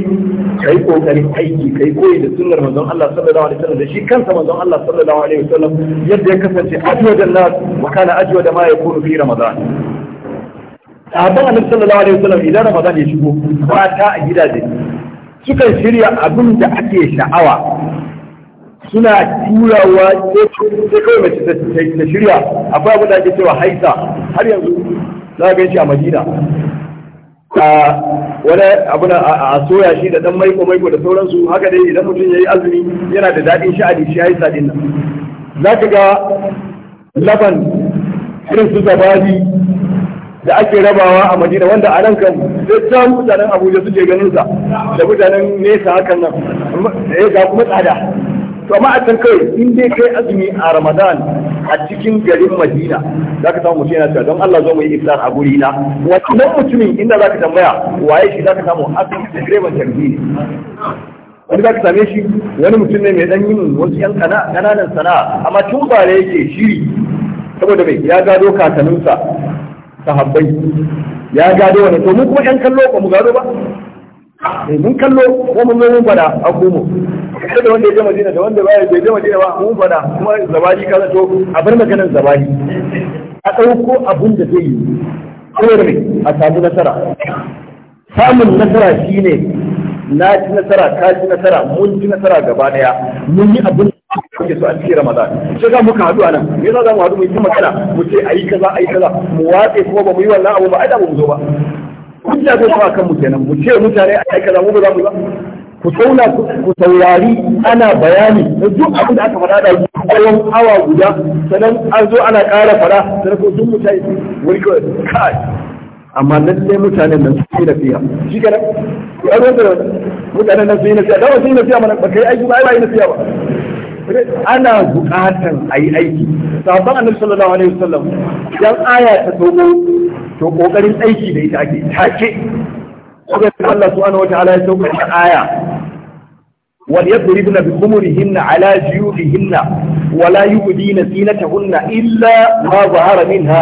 kai kokarin aiki kai koyi da sunnar manzon Allah sallallahu alaihi wasallam da shi kansa manzon Allah sallallahu alaihi wasallam yadda ya kasance da nas wa kana da ma yakunu fi ramadan sahabban annabi sallallahu alaihi wasallam idan ramadan ya shigo ba ta a gidaje sukan shirya abin da ake sha'awa suna turawa ce kawai mace ta shirya akwai abin da ake cewa haisa har yanzu za ka shi a madina a wani abin a soya shi da dan maiko maiko da sauransu haka dai idan mutum ya yi azumi yana da daɗin sha'ani shi haisa din nan za ka ga laban irin su zabari da ake rabawa a madina wanda a nan kan dukkan mutanen abuja suke ganin sa da mutanen nesa hakan nan ya eh, ga kuma tsada to amma a can kai in dai kai azumi a ramadan a cikin garin madina za ka samu mutum yana cewa don allah zo mu yi iftar a guri na wannan mutumin inda za ka tambaya waye shi za ka samu asali da direban tarbi ne wani za ka same shi wani mutum ne mai dan yin wasu yan kananan sana'a amma tun ba da yake shiri saboda mai ya gado kakaninsa sahabbai ya gado wani to mu kuma yan kallo ba mu gado ba eh, mun kallo ko mun zo mun fada a kuma kada da wanda ya je Madina da wanda baya bai je Madina ba mun fada kuma zabani kaza to a bar maganar zabani a dauko abun da zai yi kawai a samu nasara samun nasara shine na ci nasara ka ci nasara mun ci nasara gaba daya mun yi abin kuke so a cikin Ramadan sai ga muka haɗu a nan me yasa za mu haɗu mu yi magana mu ce ayi kaza ayi kaza mu watse kuma ba mu yi wannan abu ba ai da mu zo ba kun ya zo kan mu kenan mu ce mutane ayi kaza mu ba za mu yi ku tauna ku saurari ana bayani da duk abin da aka faɗa da tsawon awa guda sannan an zo ana ƙara faɗa sannan ko duk mutane wani kawai kai amma lalle mutanen nan su yi nasiha shi kenan ku ɗan wanda mutanen nan su yi nasiha da wasu yi nasiha mana ba kai aiki ba ai ba nasiha ba ana buƙatar a yi aiki sabon annabi sallallahu alaihi wasallam yan aya ta tobo to kokarin aiki da ita ake take lokacin Allah subhanahu wataala ya sauka ta aya wal yadribna bi khumurihinna ala juyubihinna ولا يبدين زينتهن إلا ما ظهر منها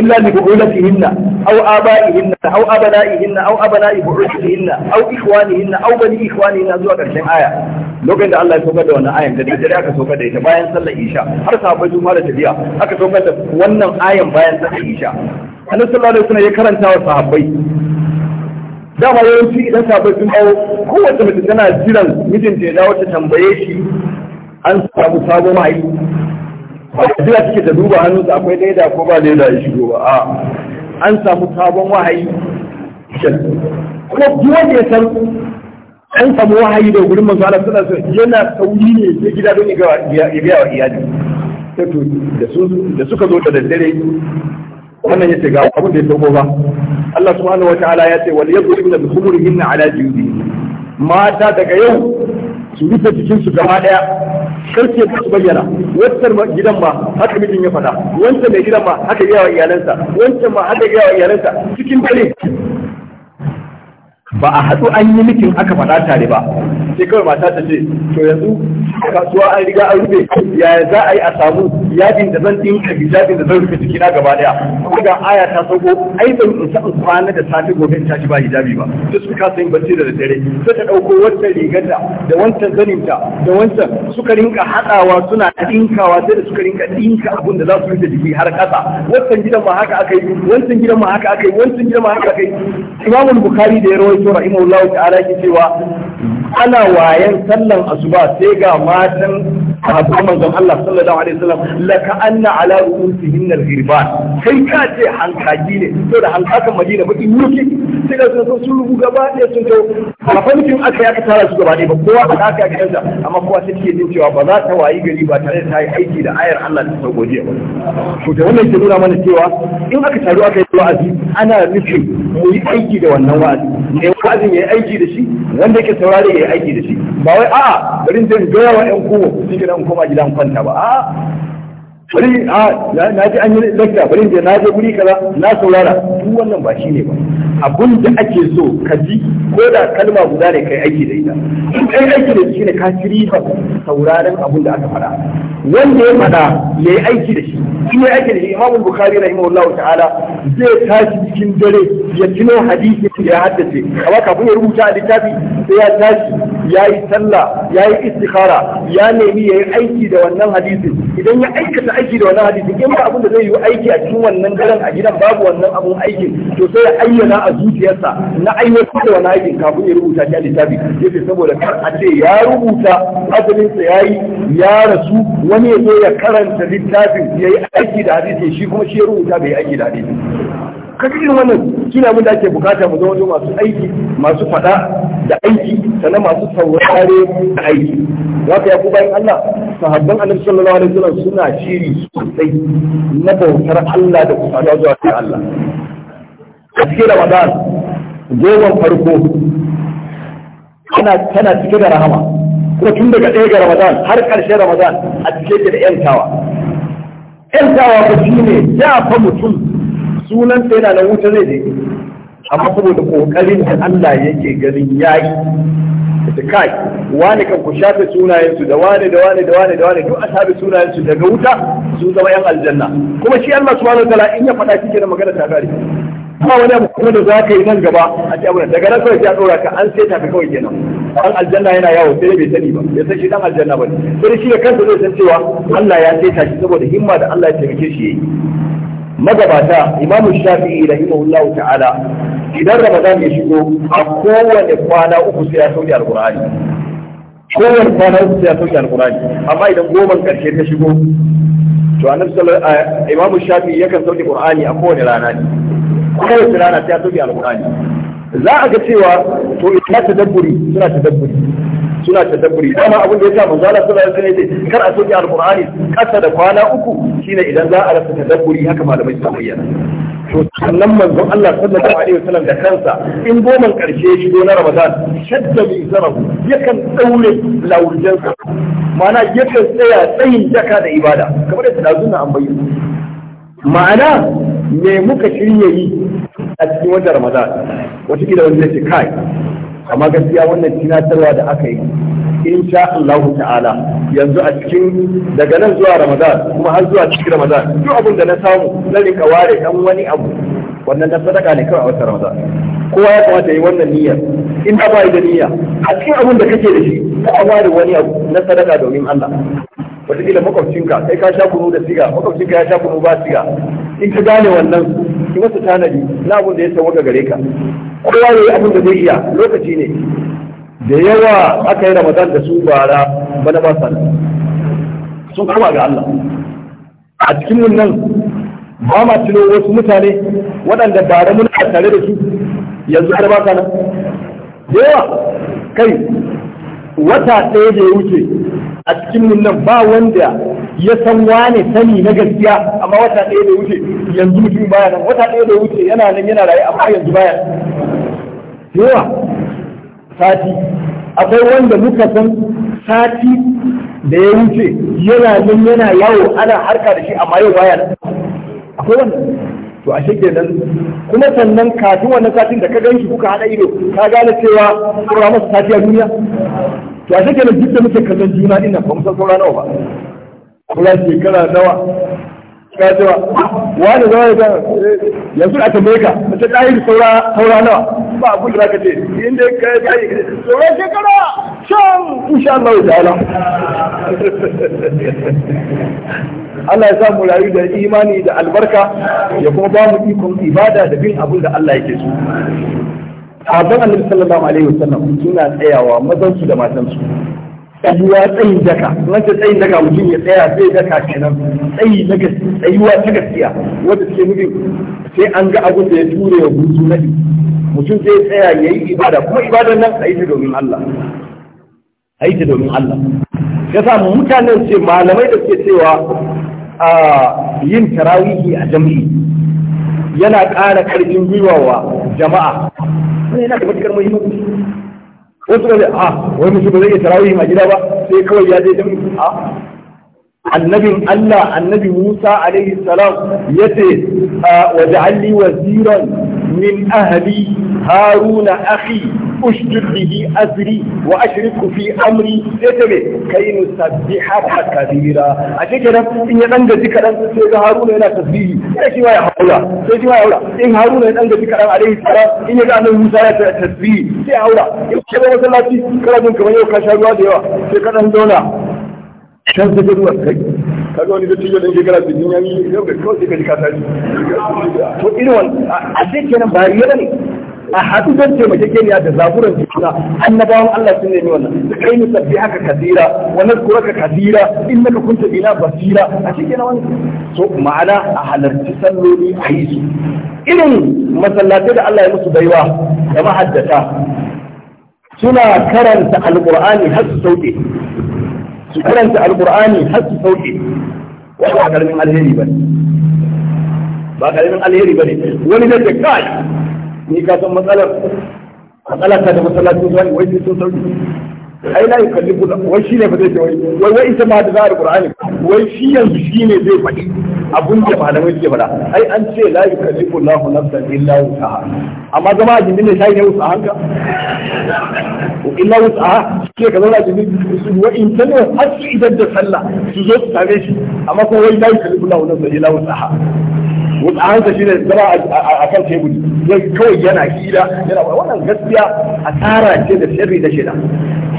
إلا لبعولتهن أو آبائهن أو أبنائهن أو أبناء بعوثهن أو إخوانهن أو بني إخوانهن zuwa ƙarshen aya lokacin da Allah ya saukar da wannan ayan da dare aka saukar da ita bayan sallar isha har sahabbai juma'a da tafiya aka saukar da wannan ayan bayan sallar isha annabi sallallahu alaihi wasallam ya karanta wa sahabbai dama yawanci idan bai sun dawo kowace mace tana jiran mijinta ya dawo ta tambaye shi an samu sabon mahaifi ba jira take ta duba hannu da akwai leda ko ba leda shi shigo ba a an samu sabon wahayi kuma duk ya san an samu wahayi da wurin manzo Allah suna alaihi yana sauri ne ya gida don ya ga wa iyali to da suka zo da daddare wannan yace ga abin da ya sauko ba Allah subhanahu wataala ya ce wal yadribna bi khumurihinna ala juyubi mata daga yau su rufe jikin su gaba daya karke su bayyana wancan gidan ma haka mijin ya fada wancan mai gidan ma haka yawa iyalansa wancan ma haka yawa iyalansa cikin dare ba a haɗu an yi mitin aka faɗa tare ba sai kawai mata ta ce to yanzu kasuwa an riga an rufe yaya za a yi a samu yadin da zan dinka hijabin da zan rufe jikina gaba daya ga aya ta sauko ai ban isa in kwana da safe gobe in tashi ba hijabi ba to su ka san bacci da dare sai ta ɗauko wata rigarta da wancan zaninta da wancan suka rinka haɗawa suna ɗinkawa sai da suka rinka ɗinka abin da za su rufe jiki har ƙasa wancan gidan ma haka aka yi wancan gidan ma haka aka yi wancan gidan ma haka aka yi imamul bukhari da ya qayyim rahimahullahu ta'ala yake cewa ana wayan sallan asuba sai ga matan sahabban manzon Allah sallallahu alaihi wasallam la ka anna ala ru'usihim al-ghirban kai ka ce hankaki ne to da hankakan Madina ba in yuki sai da sun sun rubu gaba ɗaya sun to a fankin aka ya ka tara su gaba ɗaya ba kowa a aka ga yanzu amma kowa sai ke jin cewa ba za ta wayi gari ba tare da ta yi aiki da ayar Allah ta sauko godiya ba to da wannan ke nuna mana cewa in aka taru aka yi wa'azi ana nufin mu yi aiki da wannan wa'azi ne wa'azin ya yi aiki da shi wanda yake saurare ya yi aiki da shi ba wai a'a bari zan gaya wa 'yan kowa gidan koma gidan kwanta ba a bari a na ji an yi lakta bari da na je guri kaza na saurara duk wannan ba shine ba abun da ake so ka ji ko da kalma guda ne kai aiki da ita in kai aiki da shi ne ka shiri ba sauraron abun da aka faɗa wanda ya faɗa ya yi aiki da shi in ya aiki da shi imamu bukari rahimahullah ta'ala zai tashi cikin dare ya tuno hadisi da ya haddace amma kafin ya rubuta a littafi sai ya tashi ya yi sallah ya yi istikhara ya nemi ya yi aiki da wannan hadisin idan ya aikata aiki da wannan hadisin in ba abin da zai yi aiki a cikin wannan gadon a gidan babu wannan abun aikin to sai ya ayyana a zuciyarsa na ayyana da wannan aikin kafin ya rubuta shi a littafi yace saboda kar a ce ya rubuta asalinsa ya yi ya rasu wani ya zo ya karanta littafin ya yi aiki da hadisi shi kuma shi ya rubuta bai aiki da hadisi kaga irin wannan shine abin da ake bukata mu zama masu aiki masu fada da aiki sannan masu saurare da aiki za ka yaku bayan Allah sahabban annabi sallallahu alaihi wasallam suna shiri sosai na bautar Allah da kusada zuwa ga Allah a cikin Ramadan goma farko tana cike da rahama ko tun daga ɗaya ga ramadan har ƙarshen ramadan a cike da ƴantawa. yantawa ba shi ne ya fa mutum sunan sai yana na wuta zai je amma saboda ƙoƙarin da Allah yake ganin yayi da kai wani kan ku shafe sunayensu da wani da wani da wani da wani duk a shafe sunayensu daga wuta su zama yan aljanna kuma shi Allah subhanahu wa ta'ala in ya faɗa kike da magana ta gari ba wani abu kuma da za ka yi nan gaba a ci abin daga nan kawai ya ɗora ka an sai tafi kawai kenan dan aljanna yana yawo sai bai sani ba ya san shi dan aljanna ba sai shi da kansa zai san cewa Allah ya saita shi saboda himma da Allah ya taimake shi yayi magabata Imam Shafi'i rahimahullahu ta'ala idan Ramadan ya shigo a kowane kwana uku sai ya sauke alqur'ani kowane kwana uku sai ya sauke alqur'ani amma idan goma karshe ta shigo to annabi sallallahu alaihi wasallam Imam Shafi'i yakan sauke Qur'ani a kowane rana ne kowace rana sai ya zobe Alƙur'ani. za a ga cewa to ina tadabburi suna tadabburi suna tadabburi dama abin da ya sa manzo Allah sallallahu alaihi wasallam kar a zobe Alƙur'ani kasa da kwana uku shine idan za a rasa tadabburi haka malamai suka bayyana to sannan manzon Allah sallallahu alaihi wasallam da kansa in goman karshe shigo na Ramadan shadda bi zarahu yakan daure laurjansa mana yakan tsaya tsayin jaka da ibada kamar yadda dazuna an bayyana ma'ana me muka shirya yi a cikin watan ramadan wata kila wanda ce kai amma gaskiya wannan tunatarwa da aka yi insha Allah ta'ala yanzu a cikin daga nan zuwa ramadan kuma har zuwa cikin ramadan duk abin da na samu na rika ware dan wani abu wannan na sadaka ne kawai a wata ramadan kowa ya kamata yi wannan niyyar in ba da niyya a cikin abin da kake da shi ka ware wani abu na sadaka domin Allah wataƙila makwabcinka sai ka sha kunu da siga makwabcinka ya sha kunu ba siga in ka gane wannan ki masa tanadi na abin da ya waka gare ka kowa ya yi abin da zai iya lokaci ne da yawa aka yi ramadan da su bara bana ba sun kama ga Allah a cikin nan ba ma tuno wasu mutane waɗanda bara muna tare da su yanzu har baka nan da yawa kai wata ɗaya da ya wuce a cikin nan ba wanda ya san wane sani na gaskiya amma wata ɗaya da wuce yanzu mutum baya nan wata ɗaya da wuce yana nan yana raye amma yanzu baya yawa sati akwai wanda muka san sati da ya wuce yana nan yana yawo ana harka da shi amma yau baya nan akwai wannan to ashe kenan kuma sannan kafin wannan satin da ka gan shi kuka haɗa ido ka gane cewa ƙura masa sati a duniya to a shekara duk da muke kallon juna ina ba mu san saura nawa ba kula shekara nawa ka cewa wani zama da eh, yanzu a tambaye ka ta ɗayin saura saura nawa ba abin da za ka ce inda ka yi saura shekara can insha Allah ya ta'ala Allah ya sa mu rayu da imani da albarka ya kuma ba mu ikon ibada da bin abin da Allah yake so sabon annabi sallallahu alaihi wasallam suna tsayawa mazansu da matansu tsayuwa tsayin daka wanda tsayin daka mutum ya tsaya zai daka kenan tsayi na tsayuwa ta gaskiya wanda suke nufi sai an ga abin da ya ture ya hutu na mutum zai tsaya ya yi ibada kuma ibadan nan a yi ta domin Allah a yi ta domin Allah ya sa mutanen ce malamai da ke cewa a yin tarawihi a jam'i yana ƙara ƙarfin gwiwa wa jama'a sai yana da matukar muhimmanci wasu ba zai a wani mutum ba zai iya tarawih a gida ba sai kawai ya je jami'i a ah, annabin Allah annabi Musa alaihi salam yace ah, wa ja'alli waziran min ahli haruna akhi أشجر به أزري وأشركه في أمري يتبه كي نسبحك كثيرا أشيك إن ينجى ذكرا سيد هارون هنا تسبيه سيد ما يحولا سيد ما يحولا إن هارون ينجى ذكرا عليه السلام إن يجعل أنه موسى تسبيه سيد هارون يوكشبه مسلاتي كلا دون كمان يوكشبه واديوا سيد كلا دونا shan ta garuwar kai ka ga wani da tijo din shekara da duniya ni yau ga kawai sai ka ji ka tashi to irin wannan a sai kenan ba riya ne a haɗu don taimakekeniya da zaburan juna annabawan Allah sun nemi wannan da kai ni sabbi haka kasira wa ka kasira innaka kunta ina basira a cikin na wani so ma'ana a halarci salloli a yi su irin masallatai da Allah ya musu baiwa da mahaddata suna karanta alqur'ani har su sauke su karanta alqur'ani har su sauke wannan karamin alheri bane ba karamin alheri wani zai kai ni ka san matsalar matsalar ta da masallacin wani wai sai sun sauki ai la yukallifu wai shine fa zai ce wai wai wai ita ma da zahar qur'ani wai shi yanzu shine zai faɗi abun da malamai suke faɗa ai an ce la yukallifu Allahu nafsan illa wusaha amma zama a jimin ne shayi ne wusa hanka illa wusaha ke ka zauna jimin su wa in tanu har su idan da sallah su zo su same shi amma kuma wai la yukallifu Allahu nafsan illa wusaha wutsaransa shi ne zama a kan teburi zai kawai yana hira yana wannan gaskiya asara ce da sirri da shida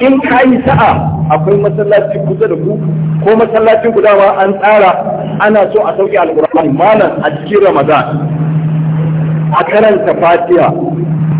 in ka yi sa'a akwai masallaci kusa da ku ko masallacin guda ma an tsara ana so a sauke alƙur'ani malam a cikin ramadan a karanta fatiha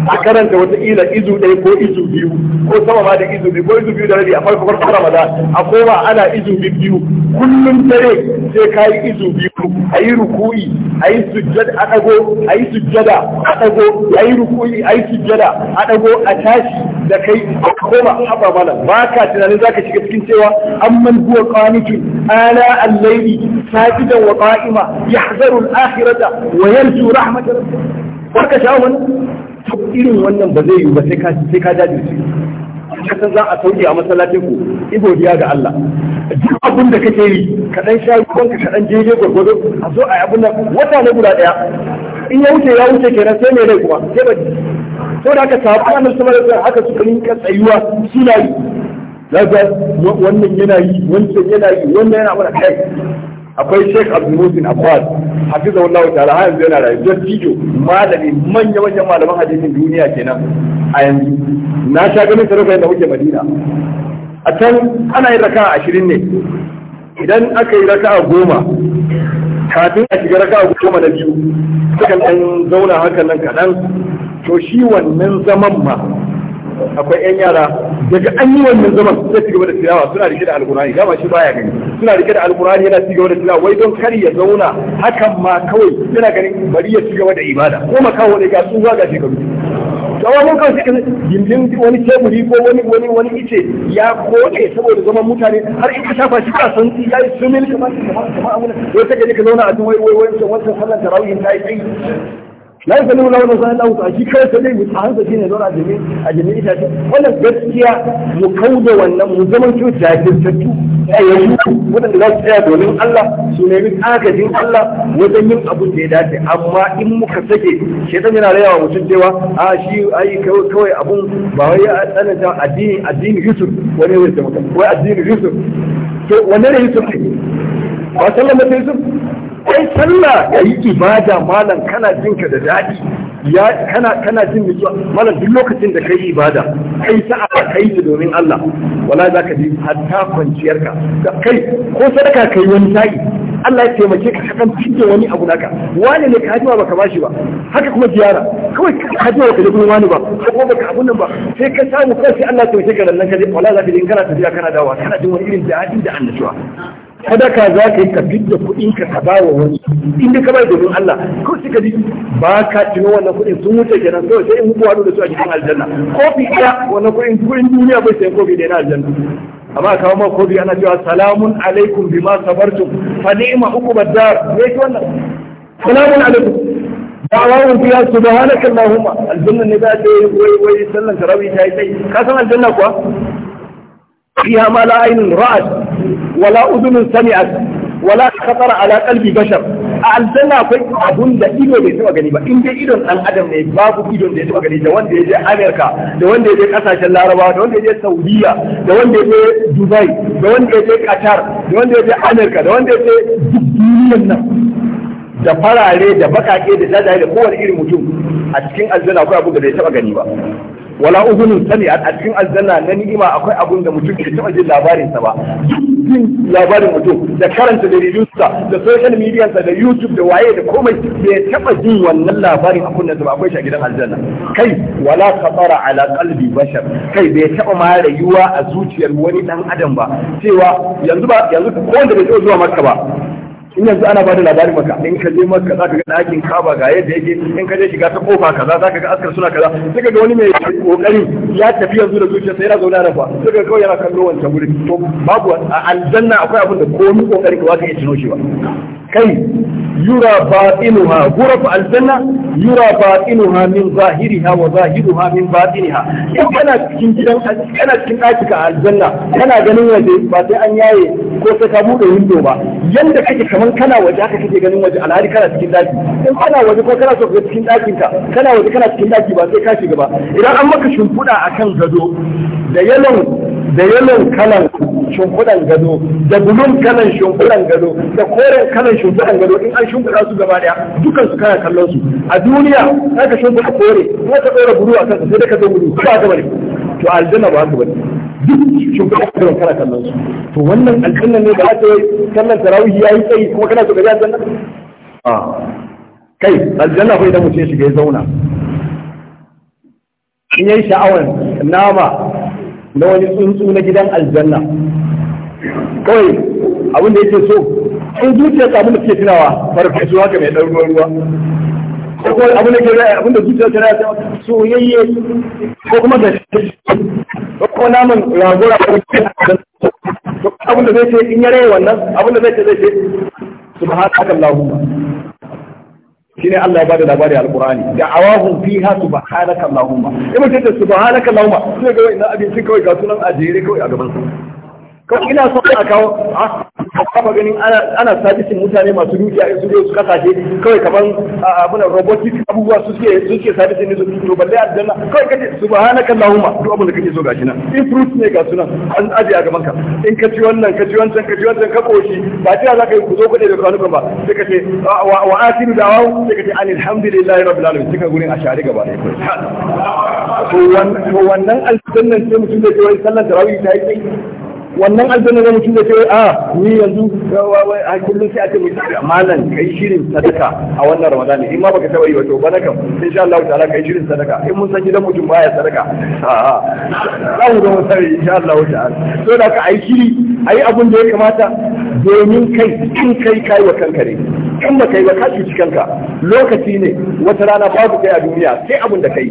a karanta wata ila izu ɗaya ko izu biyu ko sama ma da izu biyu ko izu biyu da rabi a farko farko ramadan a koma ana izu biyu kullum dare sai ka yi izu biyu a yi ruku'i a yi sujjada a ɗago a yi sujjada a ɗago a yi ruku'i a yi sujjada a ɗago a tashi da kai a koma haɓa mana ba ka tunanin za ka shiga cikin cewa an amman huwa qanitun ala al-layli sajidan wa qa'ima yahzaru al-akhirata wa yarju rahmatar barka sha duk irin wannan ba zai yi ba sai ka sai ka jajirce kasan za a sauke a masallacin ku godiya ga Allah duk abin da kake yi kaɗan sha ka kaɗan jeje gwargwado a zo a yi abin nan wata na guda ɗaya in ya wuce ya wuce kenan sai mai rai kuma sai ba sau da aka sabu annabi da alaihi haka kalin rinka tsayuwa suna yi wannan yana yi wancan yana yi wannan yana mana kai akwai sheikh abdulmusin abbas hafiza wallahu ta'ala har yanzu yana rayu dattijo malami manya manyan malaman hadisin duniya kenan a yanzu na sha ganin sarrafa yadda muke madina a can ana yin raka ashirin ne idan aka yi raka goma kafin a shiga raka goma na biyu sukan ɗan zauna hakan nan kaɗan to shi wannan zaman ma akwai yan yara daga an yi wannan zaman suna ci gaba da tilawa suna rike da alkurani dama shi baya gani suna rike da alkurani yana ci gaba da tilawa wai don kar ya zauna hakan ma kawai suna ganin bari ya ci gaba da ibada ko makawo ne ga tsuwa ga shekaru tsawon kawai sai gindin wani teburi ko wani wani wani ice ya koɗe saboda zaman mutane har in ka shafa shi ka san ya yi sumil kamar kamar kamar abuna wai ta gaje ka zauna a duk wai wai wai wancan sallan tarawihin ta yi la ya kalu lawan sai Allah ta shi kai sai mu tsansa shine zo a jami a jami ita ce wannan gaskiya mu kauda wannan mu zaman to jajirtattu ayyayu wadanda za su tsaya domin Allah su nemi agajin Allah wajen yin abun da ya dace amma in muka sake shedan yana rayawa mutum cewa a shi ayi kawai abun ba wai ya tsananta addini addini Yusuf wani ne zai mutum wai addini Yusuf to wanne ne Yusuf ne ba sallama Yusuf Kai sallah yi ibada malam kana jin ka da daɗi ya kana kana jin nutsuwa malam duk lokacin da kai ibada kai sa'a kai ta domin Allah wala za ka ji hatta kwanciyarka kai ko sadaka kai wani sa'i Allah ya taimake ka kasan cikin wani abu naka wani ne ka hajima baka bashi ba haka kuma ziyara kawai ka hajima baka je wani ba ko kuma baka abun nan ba sai ka samu kawai sai Allah ya taimake ka nan ka je wala za ka je kana tafiya kana dawa kana jin wani irin daɗi da annashuwa sadaka za ka yi ka fidda kuɗin ka ba wa wani inda ka bai domin Allah ko suka ji ba ka tuno wannan kuɗin sun wuce kenan kawai sai in muku haɗu da su a cikin aljanna kofi ɗaya wannan kuɗin kuɗin duniya bai sayan kofi ɗaya na aljanna amma kawo ma kofi ana cewa salamun alaikum bima sabartum fa ni'ma uqbad dar me ke wannan salamun alaikum da'awun fiya subhanaka allahumma aljanna ne ba ta yi wai wai sallan tarawih ta yi sai ka san aljanna kuwa fiha ma la ainun ra'at wala udunun sami'at wala khatara ala qalbi bashar a aljanna akwai abun da ido bai taba gani ba in dai idon dan adam ne babu idon da ya taba gani da wanda ya je America da wanda ya je kasashen Larabawa da wanda ya je Saudiya da wanda ya je Dubai da wanda ya je Qatar da wanda ya je America da wanda ya je duniyan nan da farare da bakake da jajaye da kowane irin mutum a cikin aljanna akwai abun bai taba gani ba wala uhunin sani a cikin aljanna na ni'ima akwai abun da mutum ke taɓa jin labarin sa ba jin labarin mutum da karanta da reviewsa da social media sa da youtube da waye da komai bai taɓa jin wannan labarin a da ba akwai shi a gidan aljanna kai wala khatara ala qalbi bashar kai bai taɓa ma rayuwa a zuciyar wani dan adam ba cewa yanzu ba yanzu ko wanda bai taɓa zuwa makka ba in yanzu ana ba da labarin maka in ka je maka za ka ga ɗakin kaba ga yadda yake in ka je shiga ta kofa kaza za ka ga askar suna kaza sai ka ga wani mai kokari ya tafi yanzu da zuciya sai yana zaune nan rafa sai ka kawai yana kallo wancan wuri to babu a aljanna akwai abin da komai kokari ka ka iya tuno shi ba kai yura batinuha ghuraf aljanna yura batinuha min zahiriha wa zahiruha min batiniha in kana cikin gidan kana cikin ɗaki ka aljanna kana ganin waje ba sai an yaye ko sai ka bude window ba yanda kake kamar kana waje aka kake ganin waje alhali kana cikin daki in kana waje ko kana so ka cikin dakin ka kana waje kana cikin daki ba sai ka shiga ba idan an maka a akan gado da yalon da yalon kalan shimfiɗan gado da bulun kalan shimfiɗan gado da koren kalan shimfiɗan gado in an shimfiɗa su gaba daya dukan su kana kallon su a duniya za ka shimfiɗa kore ko ka ɗora bulu akan kansa sai da ka zo bulu ba ka bari. to aljanna ba su bane duk shimfiɗa a kan kana kallon su to wannan aljanna ne ba ta yi kallon tarawih ya yi tsayi kuma kana so ka ga aljanna a kai aljanna fa idan mutum ya shiga ya zauna in yayi sha'awar nama na wani tsuntsu na gidan aljanna kawai abin da yake so in zuciya ta da ke tunawa farfesuwa ga mai ɗan ruwan ruwa ko kuma abin da ke abin da zuciya ke ta soyayye ko kuma da ko kuma naman ragora ko abin da zai ce in ya wannan abin da zai ce zai ce shine Allah ya bada labari alqur'ani da awahum fiha subhanaka in mutum da subhanaka allahumma sai ga wannan abin sai kawai ga sunan ajere kawai a gaban sa kawai ina son a kawo a kama ganin ana sabisin mutane masu dukiya su zo su kasashe kawai kamar abuna robotic abubuwa su suke su suke sabisin ne su to balle aljanna kawai kace subhanaka allahumma duk abin da kake so gashi nan in fruit ne ga sunan an aje a gaban ka in ka ci wannan ka ci wancan ka ci wancan ka koshi ba tira zaka yi ku zo kuɗe da kwanuka ba sai ka ce wa asiru wau sai ka ce alhamdulillahi rabbil alamin sai ka gurin a share gaba ne to wannan aljannan sai mutum da ke wani sallan tarawih ta yi wannan aljanna da mutum da ce a ah, ni yanzu a kullum sai a ce misali malam kai shirin sadaka a wannan ramadani in ma baka taba yi wato bana kam insha Allah ta'ala kai shirin sadaka in mun san gidan mutum baya sadaka a za mu ga sai insha Allah ta'ala so da ka ai shiri ai abun da ya kamata domin kai in kai kai wa kanka ne in ba kai ba ka cikin ka lokaci ne wata rana babu kai a duniya sai abin da kai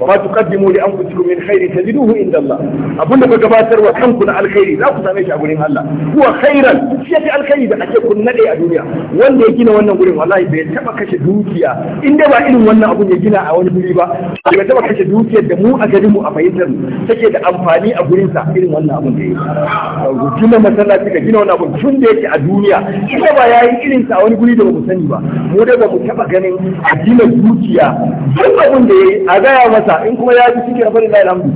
ba ma tuqaddimu li anfusikum min khairin tajiduhu inda Allah abin da ku gabatar wa kanku na alkhairi za ku same shi a gurin Allah huwa khairan shi yake alkhairi da ake kun nade a duniya wanda ya gina wannan gurin wallahi bai taba kashe dukiya Inda ba irin wannan abun ya gina a wani guri ba bai taba kashe dukiyar da mu a garin mu a fahimtar take da amfani a gurin sa irin wannan abun da yake yi gina masallaci ka gina wannan abun tun da yake a duniya ita ba yayi irin sa a wani guri da ba mu sani ba mu dai ba mu taba ganin addinin zuciya duk abin da yayi a gaya masa in kuma ya ji cikin abin da alhamdu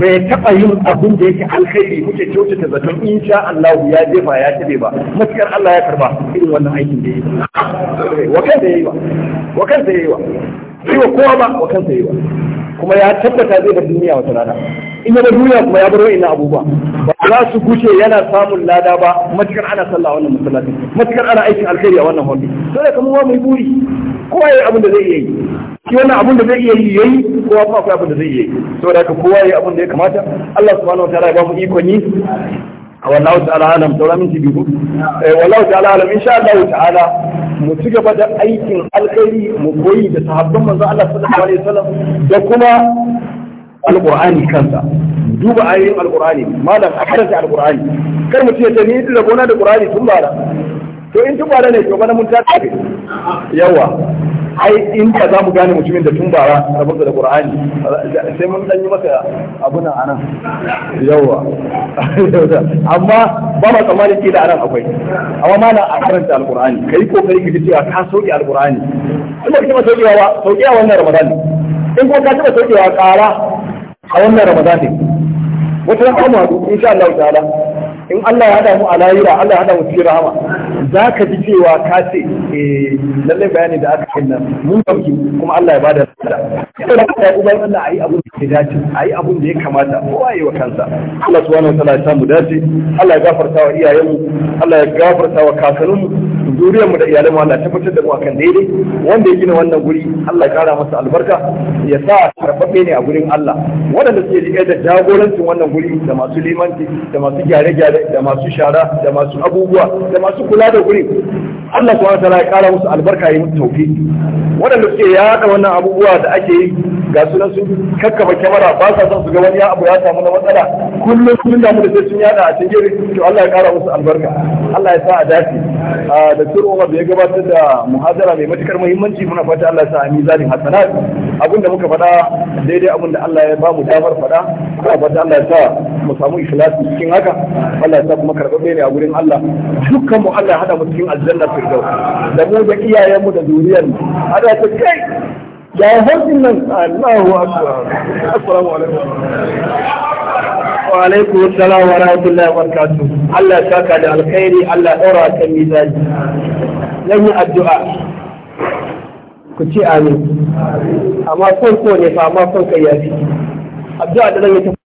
bai taba yin abin da yake alkhairi muke ta zaton insha Allah ya jefa ya tabe ba matukar Allah ya karba irin wannan aikin da yayi wa kansa yayi wa wa kansa yayi wa sai kowa ba wa kansa yayi wa kuma ya tabbata zai bar duniya wata rana in ya bar duniya kuma ya bar wa'annan abubuwa ba za su guce yana samun lada ba matukar ana sallah wannan masallacin matukar ana aikin alkhairi a wannan hobi dole kuma mu yi buri kowa yayi abin da zai iya yi shi wannan abin da zai iya yi yayi kowa kuma akwai abin da zai iya yi saboda haka kowa yayi abin da ya kamata Allah subhanahu wa wataala ya ba mu ikon yi wallahu ta'ala alam saura minti biyu eh wallahu ta'ala alam insha Allah ta'ala mu ci gaba da aikin alkhairi mu koyi da sahabban manzo Allah sallallahu alaihi wasallam da kuma alqur'ani kansa duba ayoyin alqur'ani malam a karanta alqur'ani kar mu ce ta ni da gona da qur'ani tun bara to in tun bara ne to bana mun ta tafi yawa ai in ka za mu gane mutumin da tun bara rabon da qur'ani sai mun dan yi masa abuna anan yawa amma ba ma tsammanin ki da anan akwai amma mana a karanta alqur'ani kai kokari ka ji cewa ka sauke alqur'ani kuma kuma saukewa ba saukewa wannan ramadan in kuma ka taba saukewa kara a wannan ramadan ne wata ran amma in sha Allah ta'ala in Allah ya hada mu a layira Allah ya hada mu cikin rahama za ka ji cewa ka ce lalle eh, lallai bayani da aka kenan, mun gamsu kuma Allah ya bada sada ubai Allah ayi abun da ya dace yi abun da ya kamata kowa yi wa kansa Allah subhanahu wa ta'ala ya samu dace Allah ya gafarta wa iyayenmu Allah ya gafarta wa kakanninmu zuriyar mu da iyalai Allah ta tabbatar da mu akan daidai wanda ya gina wannan guri Allah ya kara masa albarka ya sa karfafe ne a gurin Allah waɗanda suke riƙe da jagorancin wannan guri da masu limanci da masu gyare-gyare da masu shara da masu abubuwa da masu kula da guri Allah subhanahu wataala ya kara musu albarka ya musu tauki waɗanda suke yaɗa wannan abubuwa da ake yi ga sunan su kakkaba kyamara ba sa son su ga wani abu ya samu na matsala kullum sun damu da sai sun yada a cikin to Allah ya kara musu albarka Allah ya sa a dace da turu Umar da ya gabatar da muhadara mai matukar muhimmanci muna fata Allah ya sa a mizanin hasanat abinda muka faɗa daidai abinda Allah ya ba mu damar faɗa muna fata Allah ya sa mu samu ikhlasi cikin haka Allah ya samu makarɓaɓɓe ne a wurin Allah dukkan mu Allah ya haɗa mu cikin aljanna firdaus da mu da iyayenmu da zuriyar mu hada ta kai ya hausin nan Allahu akbar assalamu alaikum wa alaikum assalam wa rahmatullahi wa barakatuh Allah ya saka da alkhairi Allah ya daura kan mizaji zan yi addu'a ku ce amin amma son so ne fa amma son kai ya fi addu'a da zan yi